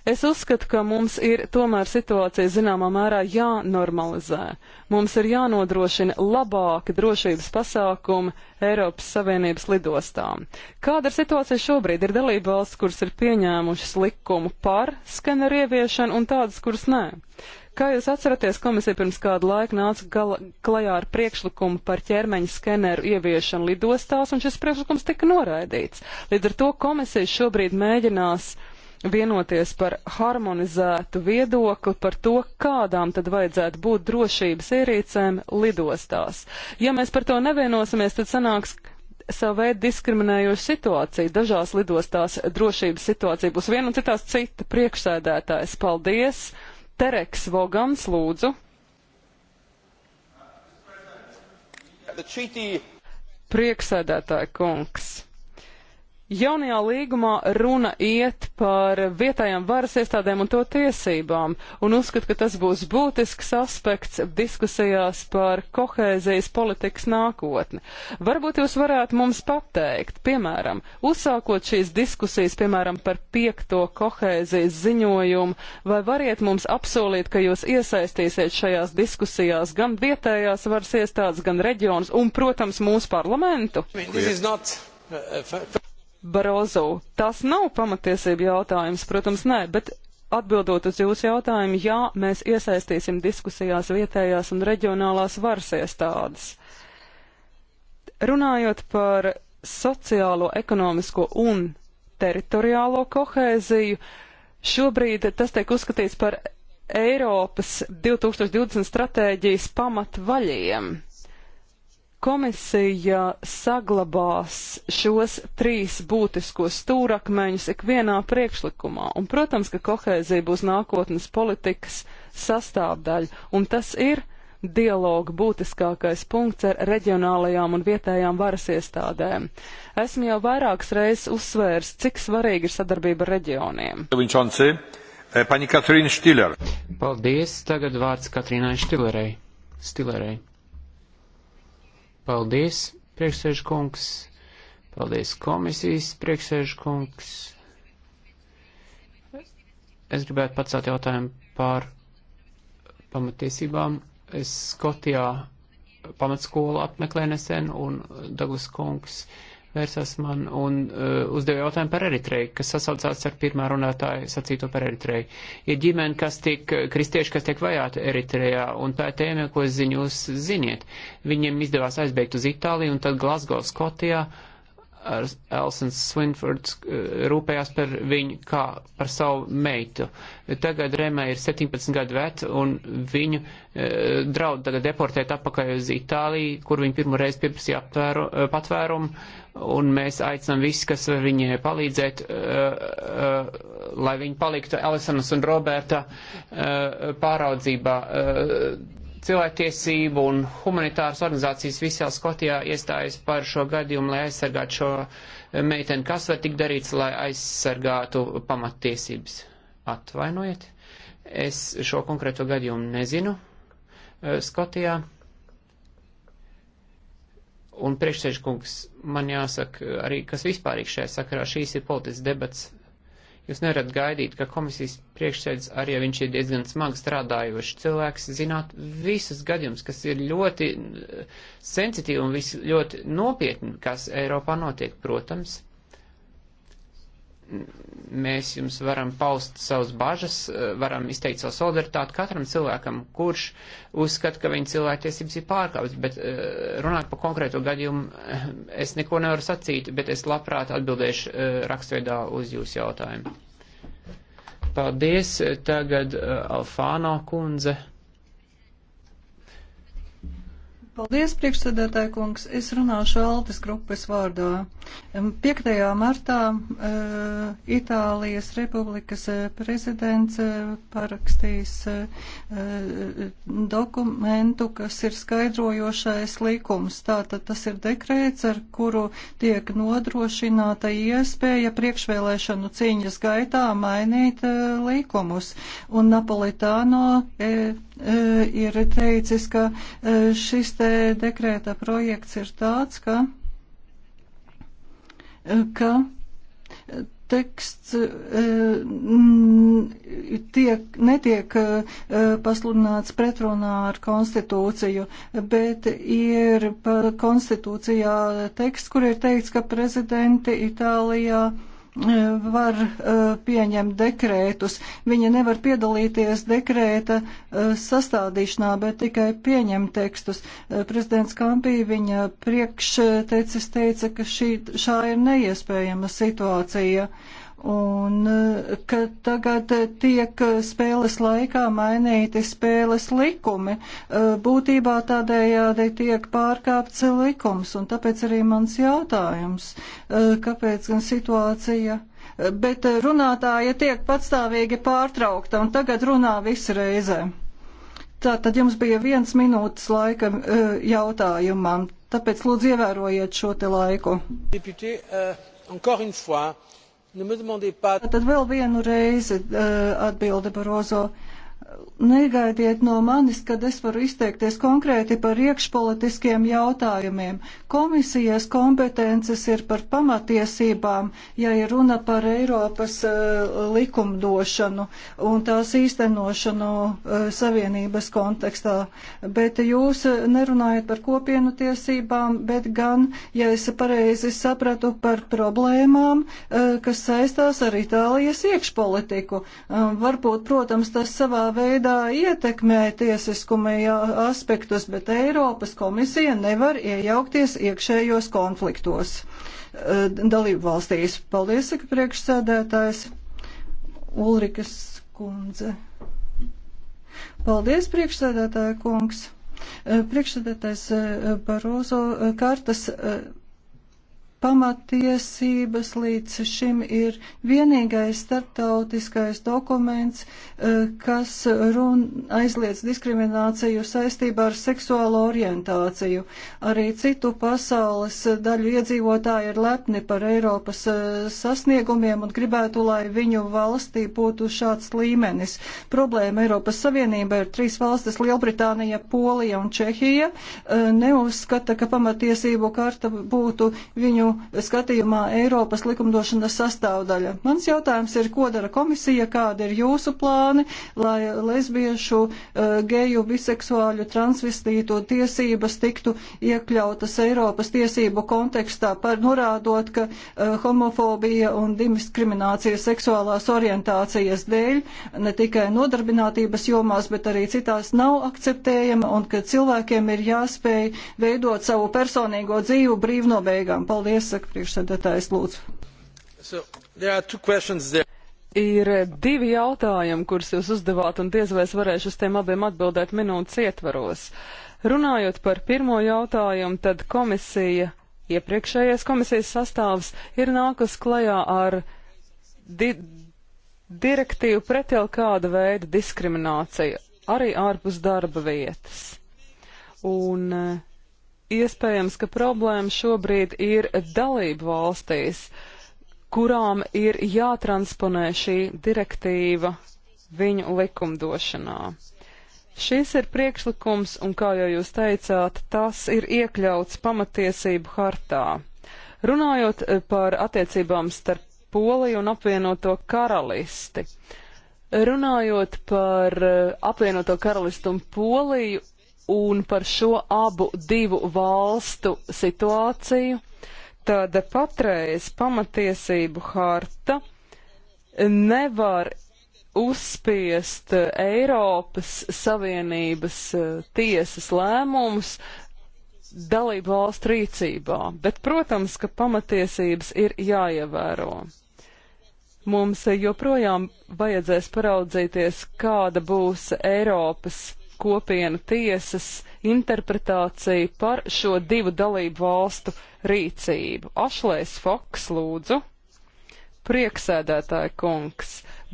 Es uzskatu, ka mums ir tomēr situācija zināmā mērā jānormalizē. Mums ir jānodrošina labāki drošības pasākumi Eiropas Savienības lidostām. Kāda ir situācija šobrīd? Ir dalība valsts, kuras ir pieņēmušas likumu par skaneru ieviešanu un tādas, kuras nē. Kā jūs atceraties, komisija pirms kādu laiku nāca gala, klajā ar priekšlikumu par ķermeņa skeneru ieviešanu lidostās, un šis priekšlikums tika noraidīts. Līdz ar to komisija šobrīd mēģinās vienoties par harmonizētu viedokli par to, kādām tad vajadzētu būt drošības ierīcēm lidostās. Ja mēs par to nevienosimies, tad sanāks savu veidu diskriminējošu situāciju. Dažās lidostās drošības situācija būs viena un citās cita priekšsēdētājs. Paldies! Tereks Vogans, lūdzu. Prieksēdētāja kungs. Jaunajā līgumā runa iet par vietējām varas iestādēm un to tiesībām, un uzskatu, ka tas būs būtisks aspekts diskusijās par kohēzijas politikas nākotni. Varbūt jūs varētu mums pateikt, piemēram, uzsākot šīs diskusijas, piemēram, par piekto kohēzijas ziņojumu, vai variet mums apsolīt, ka jūs iesaistīsiet šajās diskusijās gan vietējās varas iestādes, gan reģionus un, protams, mūsu parlamentu? I mean, Barozo, tas nav pamatiesība jautājums, protams, nē, bet atbildot uz jūsu jautājumu, jā, mēs iesaistīsim diskusijās vietējās un reģionālās varas iestādes. Runājot par sociālo, ekonomisko un teritoriālo kohēziju, šobrīd tas tiek uzskatīts par Eiropas 2020 stratēģijas pamatvaļiem. Komisija saglabās šos trīs būtiskos stūrakmeņus ikvienā priekšlikumā, un, protams, ka kohēzija būs nākotnes politikas sastāvdaļa, un tas ir dialoga būtiskākais punkts ar reģionālajām un vietējām varas iestādēm. Esmu jau vairākas reizes uzsvērs, cik svarīga ir sadarbība ar reģioniem. E, Paldies, tagad vārds Katrīnai Štilerei. Stilerei. Paldies, priekšsēžkungs. Paldies, komisijas priekšsēžkungs. Es gribētu pacelt jautājumu par pamatiesībām. Es Skotijā pamatskolu apmeklēju nesen un Daglas kungs vērsās man un uh, uzdeva jautājumu par Eritreju, kas sasaucās ar pirmā runātāja sacīto par Eritreju. Ir ģimene, kas tiek, uh, kristieši, kas tiek vajāti Eritrejā, un tā ir tēma, ko es ziņu jūs ziniet. Viņiem izdevās aizbēgt uz Itāliju un tad Glasgow, Skotijā. Uh, ar Elsons Svinfords eh, rūpējās par viņu kā par savu meitu. Tagad Remē ir 17 gadu veca un viņu e, draud tagad deportēt atpakaļ uz Itāliju, kur viņa pirmo reizi pieprasīja aptvēru, eh, patvērumu, un mēs aicinām visus, kas var viņai palīdzēt, e, e, lai viņa paliktu Elsonas un Roberta e, pāraudzībā. E, cilvēktiesību un humanitāras organizācijas visā Skotijā iestājas par šo gadījumu, lai aizsargātu šo meiteni. Kas var tik darīts, lai aizsargātu pamattiesības? Atvainojiet, es šo konkrēto gadījumu nezinu eh, Skotijā. Un priekšsēžkungs man jāsaka arī, kas vispārīgi šajā sakarā šīs ir politisks debats Jūs nevarat gaidīt, ka komisijas priekšsēdis, arī ja viņš ir diezgan smagi strādājošs cilvēks, zināt visus gadījumus, kas ir ļoti eh, sensitīvi un visi ļoti nopietni, kas Eiropā notiek, protams mēs jums varam paust savus bažas, eh, varam izteikt savu solidaritāti katram cilvēkam, kurš uzskata, ka viņa cilvēktiesības ir pārkāptas, bet eh, runāt par konkrēto gadījumu eh, es neko nevaru sacīt, bet es labprāt atbildēšu rakstveidā uz jūsu jautājumu. Paldies, tagad Alfāno kundze. Paldies, priekšsēdētāji kungs. Es runāšu Altis grupas vārdā. 5. martā e, Itālijas republikas e, prezidents e, parakstīs dokumentu, kas ir skaidrojošais likums. Tātad tas ir dekrēts, ar kuru tiek nodrošināta iespēja priekšvēlēšanu cīņas gaitā mainīt likumus. Un Napolitāno E, ir teicis, ka e, šis te dekrēta projekts ir tāds, ka, e, ka teksts tiek, netiek pasludināts pretrunā ar konstitūciju, bet ir konstitūcijā teksts, kur ir teikts, ka prezidenti Itālijā Eh, var eh, pieņemt dekrētus. Viņa nevar piedalīties dekrēta eh, sastādīšanā, bet tikai pieņemt tekstus. Prezidents Kampī viņa priekštecis teica, ka šī, šā ir neiespējama situācija. Uh, un eh, ka tagad eh, tiek eh, spēles laikā mainīti spēles likumi. Būtībā tādējādi tiek pārkāpts likums, un tāpēc arī mans jautājums, kāpēc gan situācija. Bet runātāja tiek patstāvīgi pārtraukta, un tagad runā visi reizē. Tā tad jums bija viens minūtes laika jautājumam, tāpēc lūdzu ievērojiet šo te laiku. Deputē, uh, Tad vēl vienu reizi eh, atbildi Barozo. Negaidiet no manis, kad es varu izteikties konkrēti par iekšpolitiskiem jautājumiem. Komisijas kompetences ir par pamatiesībām, ja ir runa par Eiropas uh, likumdošanu un tās īstenošanu uh, savienības kontekstā. Bet jūs eh, nerunājat par kopienu tiesībām, bet gan, ja es pareizi sapratu, par problēmām, uh, kas saistās ar Itālijas iekšpolitiku. Uh, varbūt, protams, tas savā veidā veidā ietekmē tiesiskuma aspektus, bet Eiropas komisija nevar iejaukties iekšējos konfliktos e, dalību valstīs. Paldies, saka priekšsēdētājs Ulrikas kundze. Paldies, priekšsēdētāja kungs. E, priekšsēdētājs e, Barozo kartas pamatiesības līdz šim ir vienīgais starptautiskais dokuments, eh, kas run, aizliedz diskrimināciju saistībā ar seksuālo orientāciju. Arī citu pasaules daļu iedzīvotāji ir lepni par Eiropas eh, sasniegumiem un gribētu, lai viņu valstī būtu šāds līmenis. Problēma Eiropas Savienībā ir trīs valstis - Lielbritānija, Polija un Čehija. Eh, neuzskata, ka pamatiesību karta būtu viņu viņu skatījumā Eiropas likumdošanas sastāvdaļa. Mans jautājums ir, ko dara komisija, kādi ir jūsu plāni, lai lesbiešu, eh, geju, biseksuāļu, transvestītu tiesības tiktu iekļautas Eiropas tiesību kontekstā, par norādot, ka eh, homofobija un diskriminācija seksuālās orientācijas dēļ ne tikai nodarbinātības jomās, bet arī citās nav akceptējama un ka cilvēkiem ir jāspēj veidot savu personīgo dzīvu brīvnobeigām. Paldies! Paldies, saka priekšsēdētājs lūdzu. So, Ir divi jautājumi, kurus jūs uzdevāt, un diez vai es varēšu uz tiem abiem atbildēt minūtes ietvaros. Runājot par pirmo jautājumu, tad komisija, iepriekšējais komisijas sastāvs, ir nākus klajā ar di direktīvu pret jau kādu veidu diskrimināciju, arī ārpus darba vietas. Un iespējams, ka problēma šobrīd ir dalību valstīs, kurām ir jātransponē šī direktīva viņu likumdošanā. Šis ir priekšlikums, un kā jau jūs teicāt, tas ir iekļauts pamatiesību hartā. Runājot eh, par attiecībām starp Poliju un apvienoto karalisti. Runājot par eh, apvienoto karalistu un Poliju, un par šo abu divu valstu situāciju, tad patreiz pamatiesību harta nevar uzspiest Eiropas Savienības eh, tiesas lēmumus dalību valstu rīcībā, bet, protams, ka pamatiesības ir jāievēro. Mums joprojām vajadzēs paraudzīties, kāda būs Eiropas kopienu tiesas interpretāciju par šo divu dalību valstu rīcību. Ašlēs Foks lūdzu. Prieksēdētāja kungs.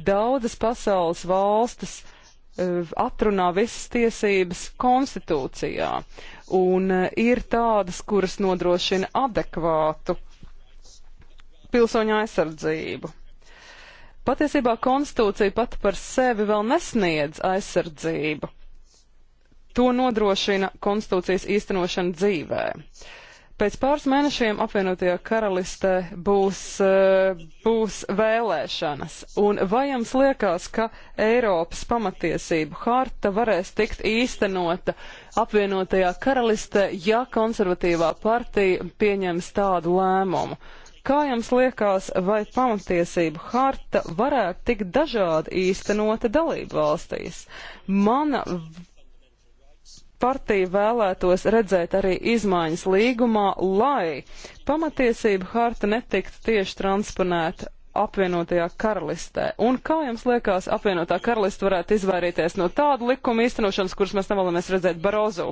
Daudzas pasaules valstis e, atrunā visas tiesības konstitūcijā, un e, ir tādas, kuras nodrošina adekvātu pilsoņu aizsardzību. Patiesībā konstitūcija pati par sevi vēl nesniedz aizsardzību. To nodrošina konstitūcijas īstenošana dzīvē. Pēc pāris mēnešiem apvienotajā karalistē būs, eh, būs vēlēšanas, un vai jums liekas, ka Eiropas pamatiesību harta varēs tikt īstenota apvienotajā karalistē, ja konservatīvā partija pieņems tādu lēmumu? Kā jums liekas, vai pamatiesību harta varētu tik dažādi īstenota dalību valstīs? Mana partija vēlētos redzēt arī izmaiņas līgumā, lai pamatiesību harta netiktu tieši transponēta apvienotajā karalistē. Un kā jums liekas, apvienotā karalista varētu izvairīties no tādu likumu īstenošanas, kuras mēs nevēlamies redzēt Barozu?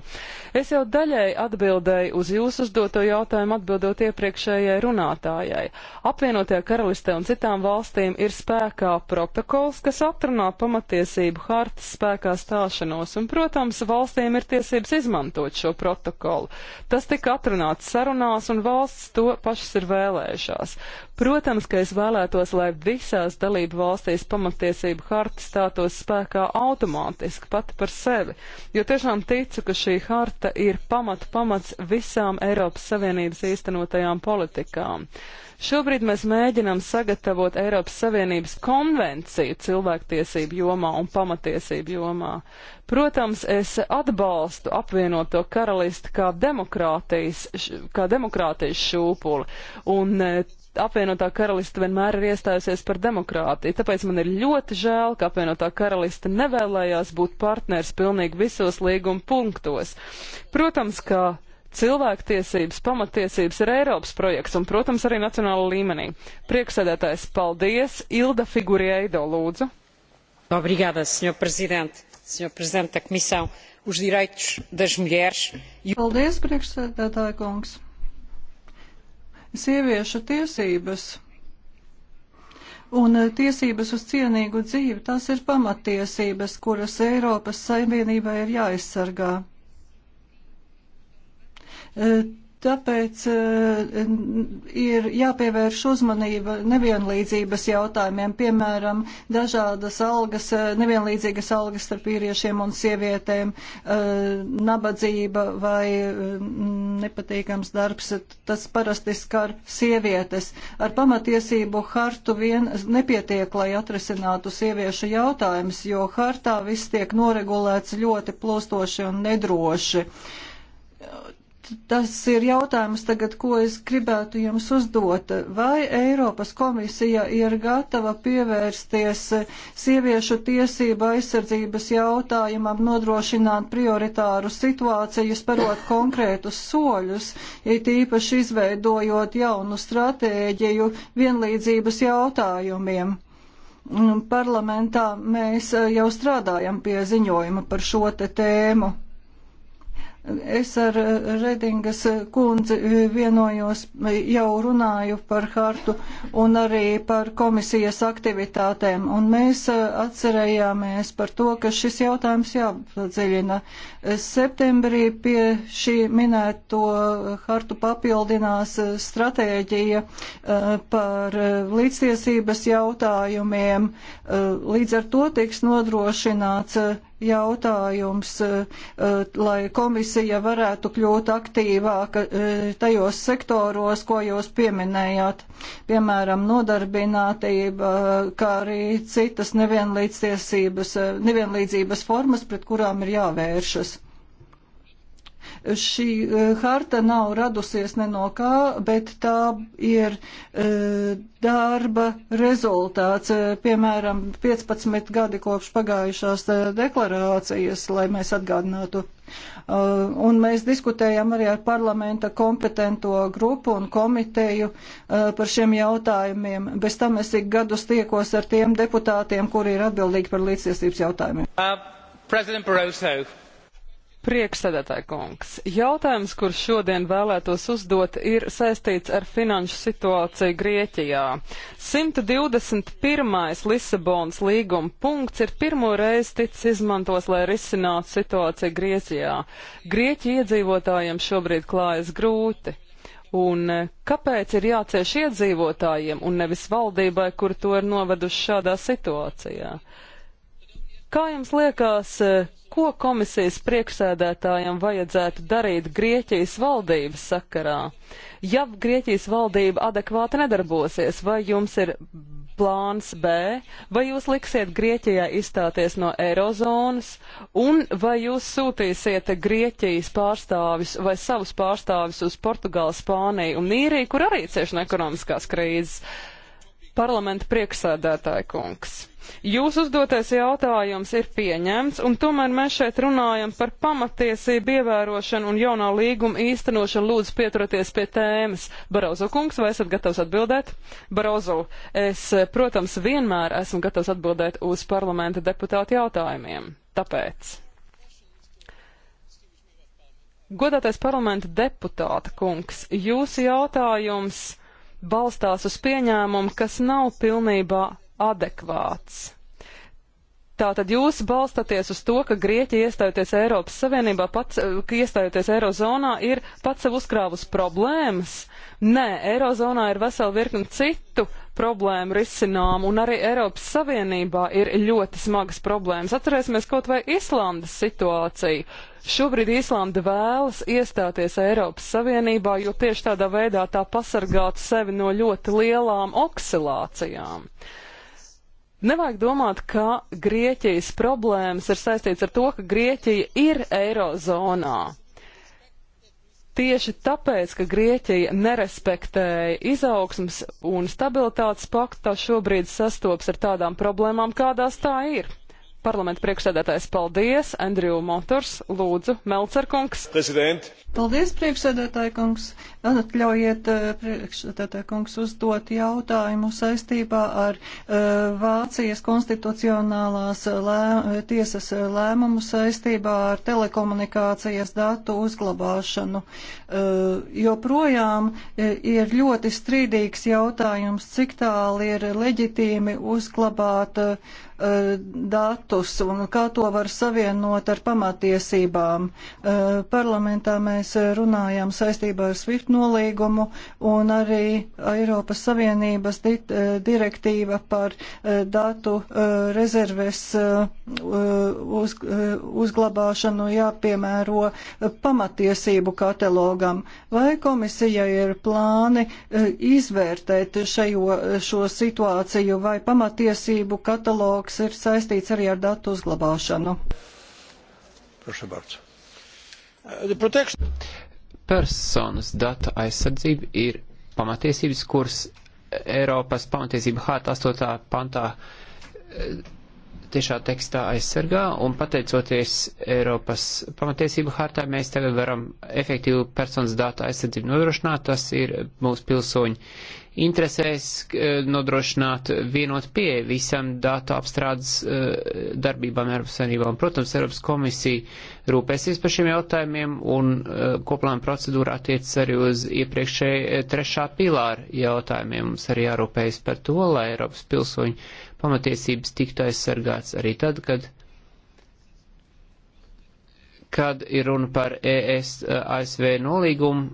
Es jau daļēji atbildēju uz jūsu uzdoto jautājumu atbildot iepriekšējai runātājai. Apvienotajā karalistē un citām valstīm ir spēkā protokols, kas atrunā pamatiesību hartas spēkā stāšanos, un, protams, valstīm ir tiesības izmantot šo protokolu. Tas tika atrunāts sarunās, un valsts to pašas ir vēlējušās. Protams, ka es vēlētos, lai visās dalību valstīs pamatiesību harta stātos spēkā automātiski pati par sevi, jo tiešām ticu, ka šī harta ir pamatu pamats visām Eiropas Savienības īstenotajām politikām. Šobrīd mēs mēģinām sagatavot Eiropas Savienības konvenciju cilvēktiesību jomā un pamatiesību jomā. Protams, es atbalstu apvienoto karalisti kā demokrātijas, kā demokrātijas šūpuli, un e, apvienotā karaliste vienmēr ir iestājusies par demokrātiju. Tāpēc man ir ļoti žēl, ka apvienotā karaliste nevēlējās būt partners pilnīgi visos līguma punktos. Protams, ka Cilvēktiesības, pamatiesības ir Eiropas projekts un, protams, arī nacionāla līmenī. Prieksēdētājs, paldies! Ilda Figurieido, lūdzu! Obrigada, senhor Presidente, senhor Presidente da Comissão, os direitos das mulheres. E paldies, priekšsēdētāja kungs! Sieviešu tiesības un tiesības uz cienīgu dzīvi, tās ir pamatiesības, kuras Eiropas Savienībai ir jāaizsargā. Eh, tāpēc uh, ir jāpievērš uzmanība nevienlīdzības jautājumiem, piemēram, dažādas algas, eh, nevienlīdzīgas algas starp vīriešiem un sievietēm, uh, nabadzība vai uh, nepatīkams darbs, tas parasti skar sievietes. Ar pamatiesību hartu vien nepietiek, lai atrisinātu sieviešu jautājumus, jo hartā viss tiek noregulēts ļoti plostoši un nedroši tas ir jautājums tagad, ko es gribētu jums uzdot. Vai Eiropas komisija ir gatava pievērsties sieviešu tiesību aizsardzības jautājumam, nodrošināt prioritāru situāciju, sparot konkrētus soļus, it īpaši izveidojot jaunu stratēģiju vienlīdzības jautājumiem? Parlamentā mēs jau strādājam pie ziņojuma par šo te tēmu. Es ar eh, Redingas kundzi eh, vienojos, eh, jau runāju par hartu un arī par komisijas aktivitātēm, un mēs atcerējāmies par to, ka šis jautājums jāpadziļina. Septembrī pie šī minēto hartu papildinās stratēģija par līdztiesības jautājumiem, līdz ar to tiks nodrošināts jautājums, eh, eh, lai komisija varētu kļūt aktīvāka eh, tajos sektoros, ko jūs pieminējāt, piemēram, nodarbinātība, kā arī citas nevienlīdzības formas, pret kurām ir jāvēršas. Šī e, harta nav radusies ne no kā, bet tā ir e, darba rezultāts. E, piemēram, 15 gadi kopš pagājušās deklarācijas, lai mēs atgādinātu. Un mēs diskutējam arī ar parlamenta kompetento grupu un komiteju par šiem jautājumiem. Bez tam es ik gadus tiekos ar tiem deputātiem, kuri ir atbildīgi par līdztiesības jautājumiem. Uh, Priekšsēdētāji kungs, jautājums, kurš šodien vēlētos uzdot, ir saistīts ar finanšu situāciju Grieķijā. 121. Lisabonas līguma punkts ir pirmo reizi ticis izmantos, lai risinātu situāciju Grieķijā. Grieķu iedzīvotājiem šobrīd klājas grūti. Un e, kāpēc ir jācieš iedzīvotājiem un nevis valdībai, kur to ir noveduši šādā situācijā? Kā jums liekas, e, ko komisijas priekšsēdētājam vajadzētu darīt Grieķijas valdības sakarā? Ja Grieķijas valdība adekvāti nedarbosies, vai jums ir plāns B, vai jūs liksiet Grieķijai izstāties no Eirozonas, un vai jūs sūtīsiet Grieķijas pārstāvis vai savus pārstāvis uz Portugālu, Spāniju un Nīriju, kur arī cieš no ekonomiskās krīzes? Parlamenta priekšsēdētāja kungs. Jūs uzdotais jautājums ir pieņemts, un tomēr mēs šeit runājam par pamatiesību ievērošanu un jaunā līguma īstenošanu. Lūdzu, pieturieties pie tēmas. Barozo kungs, vai esat gatavs atbildēt? Barozo, es, protams, vienmēr esmu gatavs atbildēt uz parlamenta deputātu jautājumiem. Tāpēc. Godātais parlamenta deputāta kungs, jūsu jautājums balstās uz pieņēmumu, kas nav pilnībā adekvāts. Tātad jūs balstaties uz to, ka Grieķija iestājoties Eiropas Savienībā, pats, eh, ka iestājoties Eirozonā, ir pats sev uzkrāvus problēmas? Nē, Eirozonā ir vesela virkni citu problēmu risinām, un arī Eiropas Savienībā ir ļoti smagas problēmas. Atcerēsimies kaut vai Islandas situāciju. Šobrīd Īslanda vēlas iestāties Eiropas Savienībā, jo tieši tādā veidā tā pasargātu sevi no ļoti lielām oksilācijām. Nevajag domāt, ka Grieķijas problēmas ir saistīts ar to, ka Grieķija ir eirozonā. Tieši tāpēc, ka Grieķija nerespektēja izaugsmas un stabilitātes paktu, tā šobrīd sastopas ar tādām problēmām, kādās tā ir parlamenta priekšsēdētājs, paldies, Andriju Motors, lūdzu, Melcerkungs. Prezident. Paldies, priekšsēdētāji kungs. Atļaujiet, eh, priekšsēdētāji kungs, uzdot jautājumu saistībā ar uh, Vācijas konstitucionālās eh, lē, tiesas lēmumu saistībā ar telekomunikācijas datu uzglabāšanu. Uh, joprojām ir ļoti strīdīgs jautājums, cik tāli ir leģitīmi uzglabāt uh, Eh, datus un kā to var savienot ar pamatiesībām. Eh, parlamentā mēs runājām saistībā ar SWIFT nolīgumu un arī Eiropas Savienības eh, direktīva par datu rezerves uz, uzglabāšanu jāpiemēro pamatiesību katalogam. Vai komisija ir plāni izvērtēt šajo, šo situāciju vai pamatiesību katalogu? dialogs ir saistīts arī ar datu uzglabāšanu. E, personas data aizsardzība ir pamatiesības, kuras Eiropas pamatiesība hārta 8. pantā e, tiešā tekstā aizsargā, un pateicoties Eiropas pamatiesību hārtā, mēs tagad varam efektīvu personas datu aizsardzību nodrošināt. Tas ir mūsu pilsoņu interesēs eh, nodrošināt vienot pieeja visam datu apstrādes eh, darbībām Eiropas Savienībā. Un, protams, Eiropas komisija rūpēsies par šiem jautājumiem un eh, koplāna procedūra attiecas arī uz iepriekšēju trešā pilāra jautājumiem. Mums arī jārūpējas par to, lai Eiropas pilsoņu pamatiesības tiktu aizsargāts arī tad, kad kad ir runa par ES ASV nolīgumu,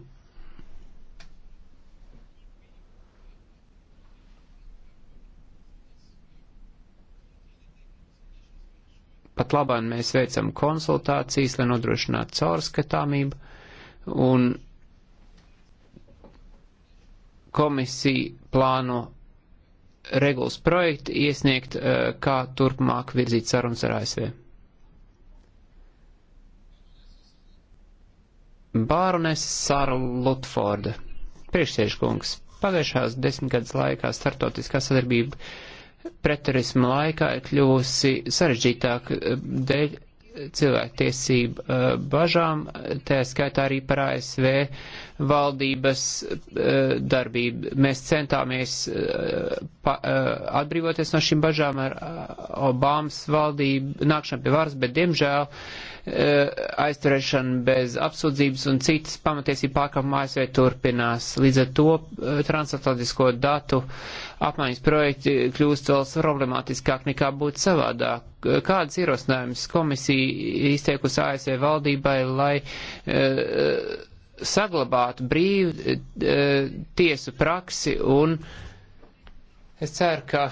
Pat labāk mēs veicam konsultācijas, lai nodrošinātu caurskatāmību, un komisija plāno regulas projektu iesniegt, eh, kā turpmāk virzīt sarunas ar ASV. Bārones Sara Lutforda, priekšsēžkungs, pagājušās desmitgades laikā startotiskā sadarbība uh, pretterisma laikā ir kļuvusi sarežģītāk eh, dēļ cilvēktiesību eh, bažām, eh, tā skaitā arī par ASV valdības eh, darbību. Mēs centāmies eh, eh, atbrīvoties no šīm bažām ar Obamas valdību nākšanu pie varas, bet diemžēl aizturēšana bez apsūdzības un citas pamatiesība pārkāpuma ASV turpinās. Līdz ar to transatlantisko datu apmaiņas projekti kļūst vēl problemātiskāk nekā būtu savādāk. Kādas ierosinājumas komisija izteikusi ASV valdībai, lai uh, saglabātu brīvu eh, tiesu praksi un es ceru, ka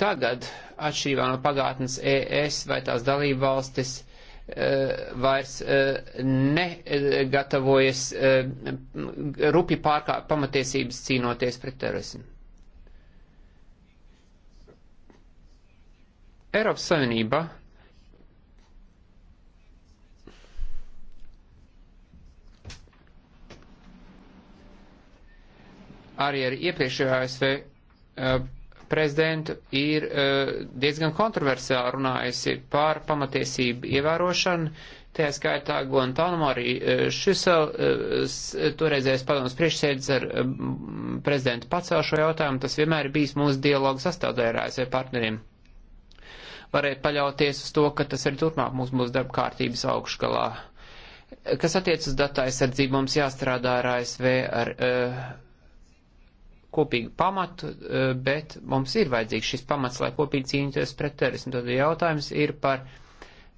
tagad, atšķirībā no pagātnes ES vai tās dalība valstis, eh, vairs eh, negatavojas rupi pārkāpt pamatiesības cīnoties pret terorismu. Eiropas Savienība arī ar iepriekšējo ASV uh, prezidentu ir uh, diezgan kontroversiāli runājusi par pamatiesību ievērošanu, tajā skaitā Guantanamo arī uh, Šusel, toreizējais padomus priekšsēdis ar prezidentu pacēl šo jautājumu, tas vienmēr ir bijis mūsu dialogu sastāvdaļā ar ASV partneriem. Varēja paļauties uz to, ka tas arī turpmāk mums būs darba kārtības augšgalā. Kas attiec uz datu aizsardzību, mums jāstrādā ar ASV, ar uh, kopīgu pamatu, eh, bet mums ir vajadzīgs šis pamats, lai kopīgi cīnītos pret terorismu. Tad jautājums ir par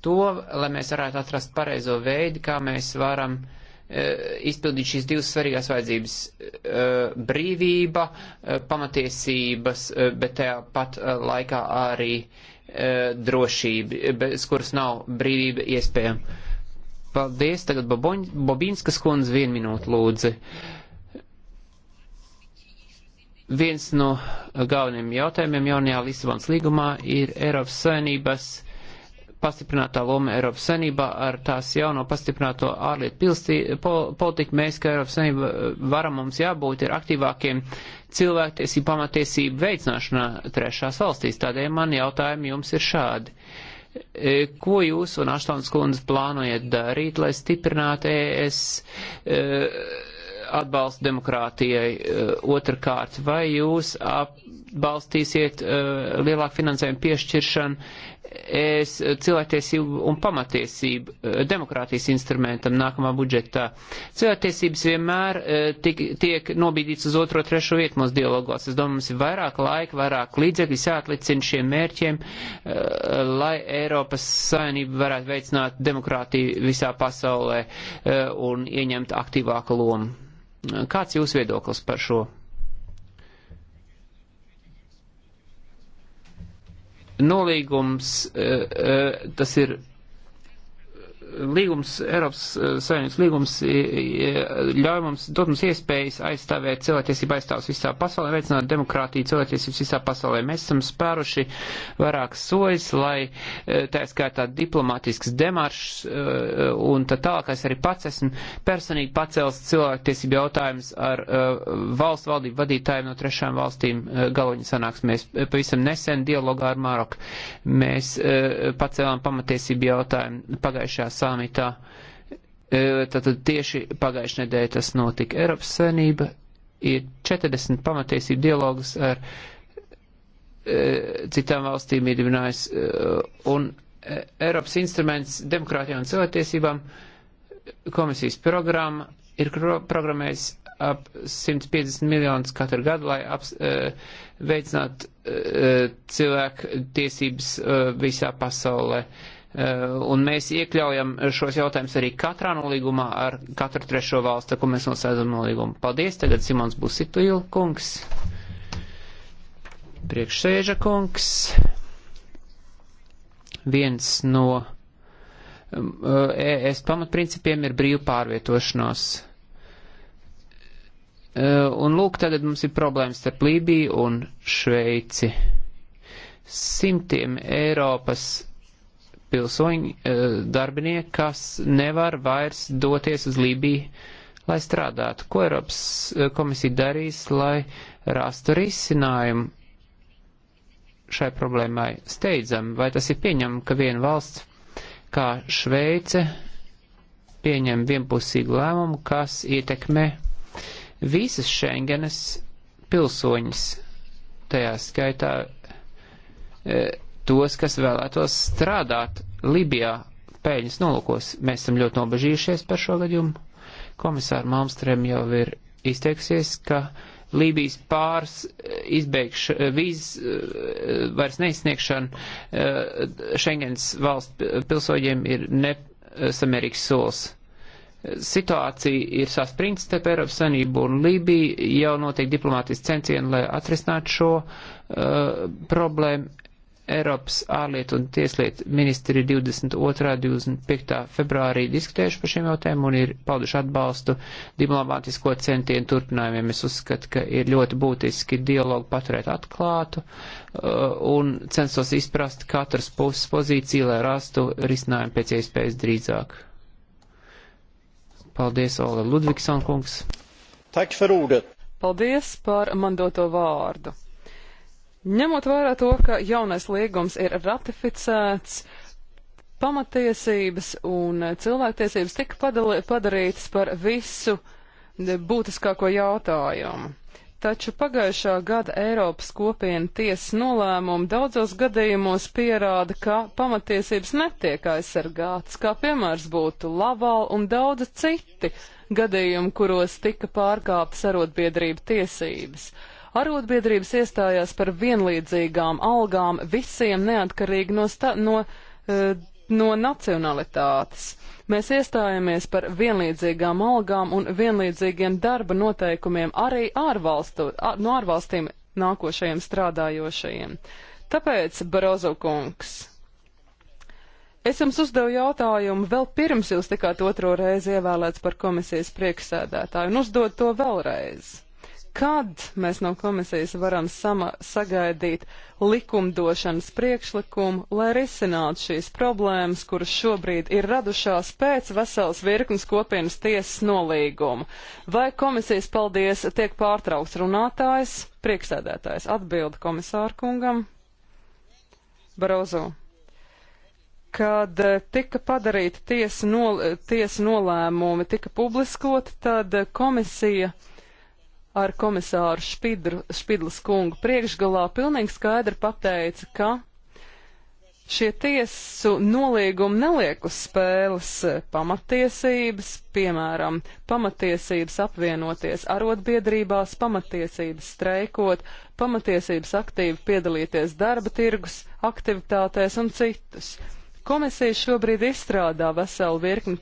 to, lai mēs varētu atrast pareizo veidu, kā mēs varam eh, izpildīt šīs divas svarīgās vajadzības eh, - brīvība, pamatiesības, bet tajā pat laikā arī drošība, bez kuras nav brīvība iespējama. Paldies, tagad Bobīnskas kundze, vienu minūtu lūdzu. Uh, Viens no galveniem jautājumiem jaunajā Lisabonas līgumā ir Eiropas Savienības pastiprinātā loma Eiropas Savienībā ar tās jauno pastiprināto ārlietu pilstī, pol, politiku. Mēs, kā Eiropas Savienība, varam mums jābūt ir aktīvākiem cilvēktiesību pamatiesību veicināšanā trešās valstīs. Tādēļ man jautājumi jums ir šādi. E, ko jūs un Aštons kundze plānojat darīt, lai stiprinātu ES e, atbalstu demokrātijai eh, otrkārt, vai jūs atbalstīsiet eh, lielāku finansējumu piešķiršanu es cilvēktiesību un pamatiesību eh, demokrātijas instrumentam nākamā budžetā. Cilvēktiesības vienmēr tik, tiek nobīdīts uz otro, trešo vietu mūsu dialogos. Es domāju, mums ir vairāk laika, vairāk līdzekļu jāatlicina šiem mērķiem, lai Eiropas Savienība varētu veicināt demokrātiju visā pasaulē un ieņemt aktīvāku lomu. Kāds jūs viedoklis par šo? Nolīgums, eh, eh, tas ir līgums, Eiropas eh, Savienības līgums ļauj mums, dot mums iespējas aizstāvēt cilvēktiesību aizstāvus visā pasaulē, veicināt demokrātiju cilvēktiesības visā pasaulē. Mēs esam spēruši vairākas sojas, lai eh, tā skaitā diplomātisks demaršs eh, un tā tālāk es arī pats esmu personīgi pacēlis cilvēktiesību jautājumus ar valstu valdību vadītājiem no trešām valstīm galoņa sanāksmēs. Pavisam nesen dialogā ar Maroku mēs pacēlām pamatiesību jautājumu pagājušajā sākumā samitā. E, tātad tieši pagājušajā nedēļā tas notika. Eiropas Savienība ir 40 pamatiesību dialogus ar e, citām valstīm iedibinājis, e, un Eiropas instruments demokrātijām un cilvēktiesībām komisijas programma ir programmējis ap 150 miljonus katru gadu, lai ap, veicinātu cilvēku tiesības visā pasaulē. Uh, Eh, un mēs iekļaujam šos jautājumus arī katrā nolīgumā ar katru trešo valstu, ko mēs noslēdzam nolīgumu. Paldies, tagad Simons Busituil kungs, priekšsēža kungs, viens no mm, eh, ES pamatprincipiem ir brīvu pārvietošanos. Eh, un lūk, tagad mums ir problēmas starp Lībiju un Šveici. Simtiem Eiropas pilsoņi, eh, darbinieki, kas nevar vairs doties uz Lībiju, lai strādātu. Ko Eiropas eh, komisija darīs, lai rastu risinājumu šai problēmai steidzam? Vai tas ir pieņem, ka viena valsts kā Šveice pieņem vienpusīgu lēmumu, kas ietekmē visas Schengenes pilsoņas, tajā skaitā. E, tos, kas vēlētos strādāt Libijā pēļņas nolūkos. Mēs esam ļoti nobežījušies par šo gadījumu. Komisāra Malmstrēm jau ir izteiksies, ka Lībijas pārs eh, izbeigš, eh, vīzes eh, vairs neizsniegšana Schengens valsts pilsoģiem ir nesamērīgs solis. Situācija ir saspringta starp Eiropas Savienību un Lībiju, jau notiek diplomātiski centieni, lai atrisinātu šo uh, problēmu. Eiropas ārlietu un tieslietu ministri 22. un 25. februārī diskutējuši par šiem jautājumiem un ir pauduši atbalstu diplomātisko centienu turpinājumiem. Es uzskatu, ka ir ļoti būtiski dialogu paturēt atklātu uh, un censtos izprast katras puses pozīciju, lai rastu risinājumu pēc iespējas drīzāk. Paldies, Ola Ludvigson kungs. Paldies par man doto vārdu. Ņemot vērā to, ka jaunais liegums ir ratificēts, pamatiesības un cilvēktiesības tika padalī, padarītas par visu būtiskāko jautājumu. Taču pagājušā gada Eiropas kopiena tiesas nolēmumi daudzos gadījumos pierāda, ka pamatiesības netiek aizsargātas, kā piemērs būtu Laval un daudzi citi gadījumi, kuros tika pārkāptas arotbiedrību tiesības. Uh, Arotbiedrības iestājās par vienlīdzīgām algām visiem neatkarīgi no, sta, no, eh, no nacionalitātes. Mēs iestājāmies par vienlīdzīgām algām un vienlīdzīgiem darba noteikumiem arī ārvalstu, ar, no ārvalstīm nākošajiem strādājošajiem. Tāpēc, Barozo kungs, es jums uzdevu jautājumu vēl pirms jūs tikāt otro reizi ievēlēts par komisijas priekšsēdētāju un uzdod to vēlreiz kad mēs no komisijas varam sama, sagaidīt likumdošanas priekšlikumu, lai risinātu šīs problēmas, kuras šobrīd ir radušās pēc veselas virknes kopienas tiesas nolīguma. Vai komisijas paldies tiek pārtraukts runātājs, priekšsēdētājs atbilda komisāru kungam? Barozo kad eh, tika padarīti tiesu, nol, tiesu nolēmumi, tika publiskoti, tad eh, komisija ar komisāru Špidru, Špidlas kungu priekšgalā pilnīgi skaidri pateica, ka šie tiesu noliegumi neliek uz spēles pamatiesības, piemēram, pamatiesības apvienoties arotbiedrībās, pamatiesības streikot, pamatiesības aktīvi piedalīties darba tirgus aktivitātēs un citus. Komisija šobrīd izstrādā veselu virkni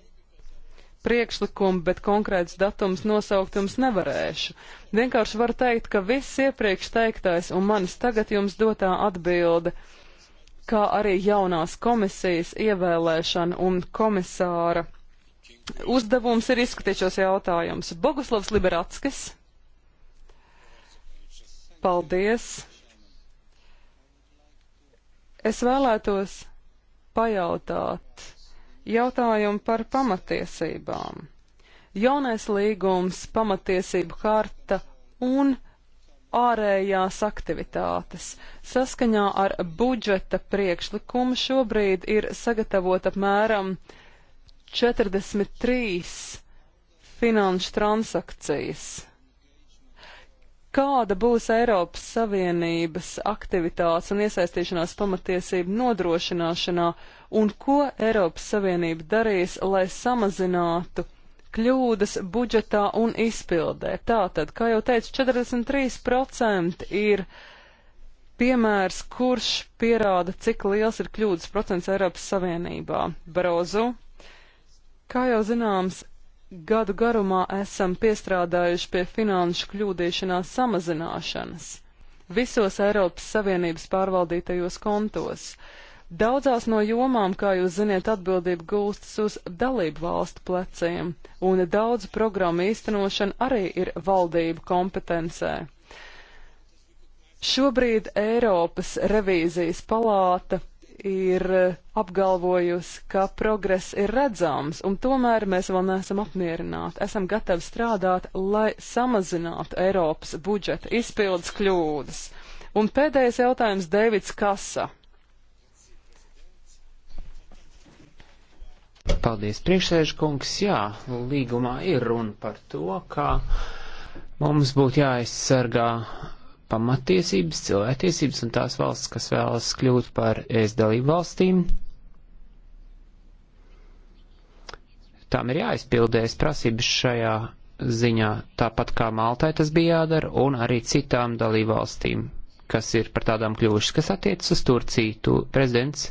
priekšlikumu, bet konkrēts datums nosaukt jums nevarēšu. Vienkārši var teikt, ka viss iepriekš teiktais un manis tagad jums dotā atbilde, kā arī jaunās komisijas ievēlēšana un komisāra uzdevums ir izskatīt šos jautājumus. Boguslavs Liberatskis. Paldies. Es vēlētos pajautāt Jautājumi par pamatiesībām. Jaunais līgums, pamatiesību harta un ārējās aktivitātes. Saskaņā ar budžeta priekšlikumu šobrīd ir sagatavot apmēram 43 finanšu transakcijas kāda būs Eiropas Savienības aktivitātes un iesaistīšanās pamatiesību nodrošināšanā un ko Eiropas Savienība darīs, lai samazinātu kļūdas budžetā un izpildē. Tātad, kā jau teicu, 43% ir piemērs, kurš pierāda, cik liels ir kļūdas procents Eiropas Savienībā. Barozu, kā jau zināms, gadu garumā esam piestrādājuši pie finanšu kļūdīšanās samazināšanas visos Eiropas Savienības pārvaldītajos kontos. Daudzās no jomām, kā jūs ziniet, atbildība gulstas uz dalību valstu pleciem, un daudzu programmu īstenošana arī ir valdību kompetencē. Šobrīd Eiropas revīzijas palāta ir eh, apgalvojusi, ka progress ir redzams, un tomēr mēs vēl neesam apmierināti. Esam gatavi strādāt, lai samazinātu Eiropas budžeta izpildes kļūdas. Un pēdējais jautājums Deivids Kasa. Paldies, priekšsēžkungs. Jā, līgumā ir runa par to, ka mums būtu jāaizsargā pamattiesības, cilvēktiesības un tās valsts, kas vēlas kļūt par ES dalību valstīm, tām ir jāizpildēs prasības šajā ziņā, tāpat kā Maltai tas bija jādara, un arī citām dalību valstīm, kas ir par tādām kļuvušas, kas attiecas uz Turciju. Tu, prezidents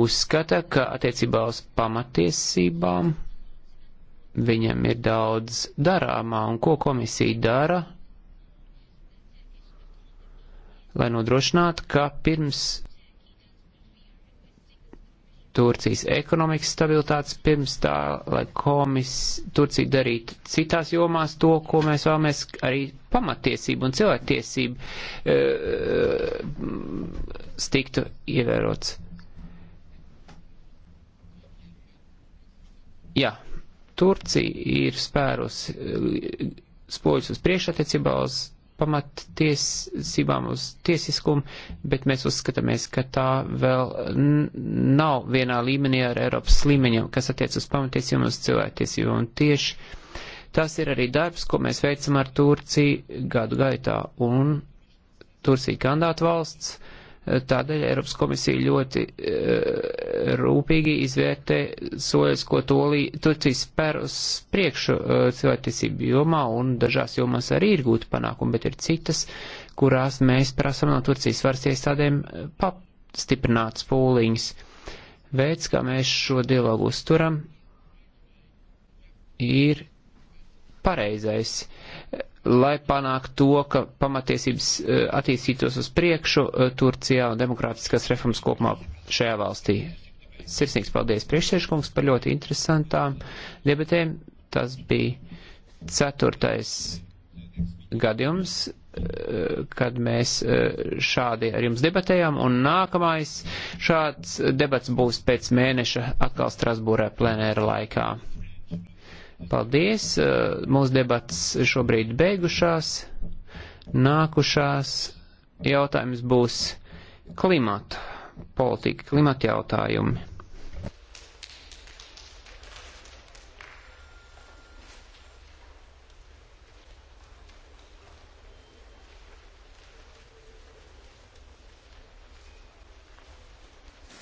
uzskata, ka attiecībā uz pamatiesībām viņam ir daudz darāmā, un ko komisija dara, lai nodrošinātu, ka pirms Turcijas ekonomikas stabilitātes, pirms tā, lai komis Turcija darītu citās jomās to, ko mēs vēlamies, arī pamatiesību un cilvēktiesību e, stiktu ievērots. Jā, Turcija ir spērusi e, spoļus uz priekšattiecībā uz pamattiesībām uz tiesiskumu, bet mēs uzskatāmies, ka tā vēl nav vienā līmenī ar Eiropas līmeņiem, kas attiec uz pamatiesībām uz cilvēktiesību. Un tieši tas ir arī darbs, ko mēs veicam ar Turciju gadu gaitā. Un Turcija kandidāta valsts Tādēļ Eiropas komisija ļoti uh, rūpīgi izvērtē soļus, ko tolī, Turcija spēr uz priekšu uh, cilvēktiesību jomā, un dažās jomās arī ir gūti panākumi, bet ir citas, kurās mēs prasam no Turcijas varas iestādēm eh, pastiprināt spūliņas. Veids, kā mēs šo dialogu uzturam, ir pareizais. Uh, lai panāktu to, ka pamatiesības eh, attīstītos uz priekšu eh, Turcijā un demokrātiskās reformas kopumā šajā valstī. Sirsnīgs paldies priekšsēžkungs par ļoti interesantām debatēm. Tas bija ceturtais gadījums, eh, kad mēs šādi ar jums debatējām, un nākamais šāds debats būs pēc mēneša atkal Strasbūrē plenēra laikā. Paldies! Eh, mūsu debats šobrīd beigušās. Nākušās jautājums būs klimata politika, klimata jautājumi.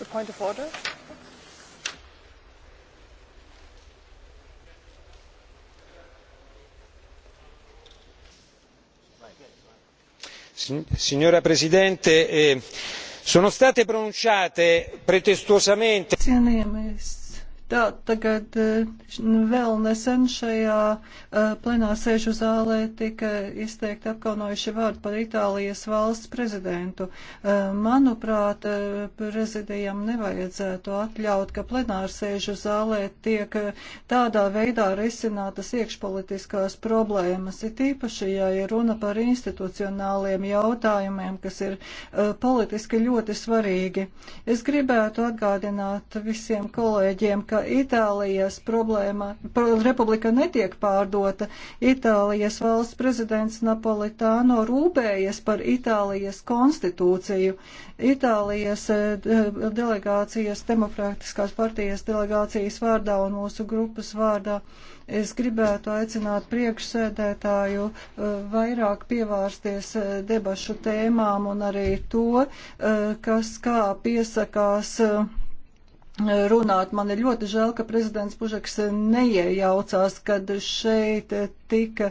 The point of order. signora presidente eh, sono state pronunciate pretestuosamente. Tā, tagad eh, vēl nesen šajā eh, plenārsēžu zālē tika izteikti apkaunojuši vārdi par Itālijas valsts prezidentu. Eh, manuprāt, prezidijam nevajadzētu atļaut, ka plenārsēžu zālē tiek tādā veidā risinātas iekšpolitiskās problēmas, it īpaši, ja ir runa par institucionāliem jautājumiem, kas ir politiski ļoti svarīgi. Es gribētu atgādināt visiem kolēģiem, ka Itālijas problēma, republika netiek pārdota. Itālijas valsts prezidents Napolitāno rūpējas par Itālijas konstitūciju. Itālijas eh, delegācijas, demokrātiskās partijas delegācijas vārdā un mūsu grupas vārdā es gribētu aicināt priekšsēdētāju eh, vairāk pievērsties eh, debašu tēmām un arī to, kas kā piesakās runāt. Man ir ļoti žēl, ka prezidents Pužeks neiejaucās, kad šeit tika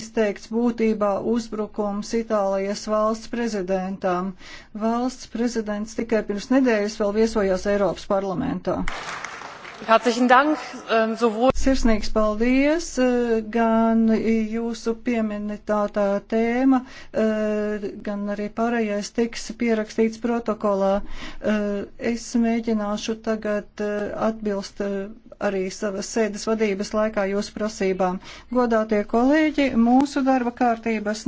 izteikts būtībā uzbrukums Itālijas valsts prezidentām. Valsts prezidents tikai pirms nedēļas vēl viesojās Eiropas parlamentā. Herzlichen Dank, ähm, sowohl. Sirsnīgs paldies, äh, gan jūsu pieminētā tēma, äh, gan arī pārējais tiks pierakstīts protokolā. Äh, es mēģināšu tagad atbilst arī savas sēdes vadības laikā jūsu prasībām. Godātie kolēģi, mūsu darba kārtības.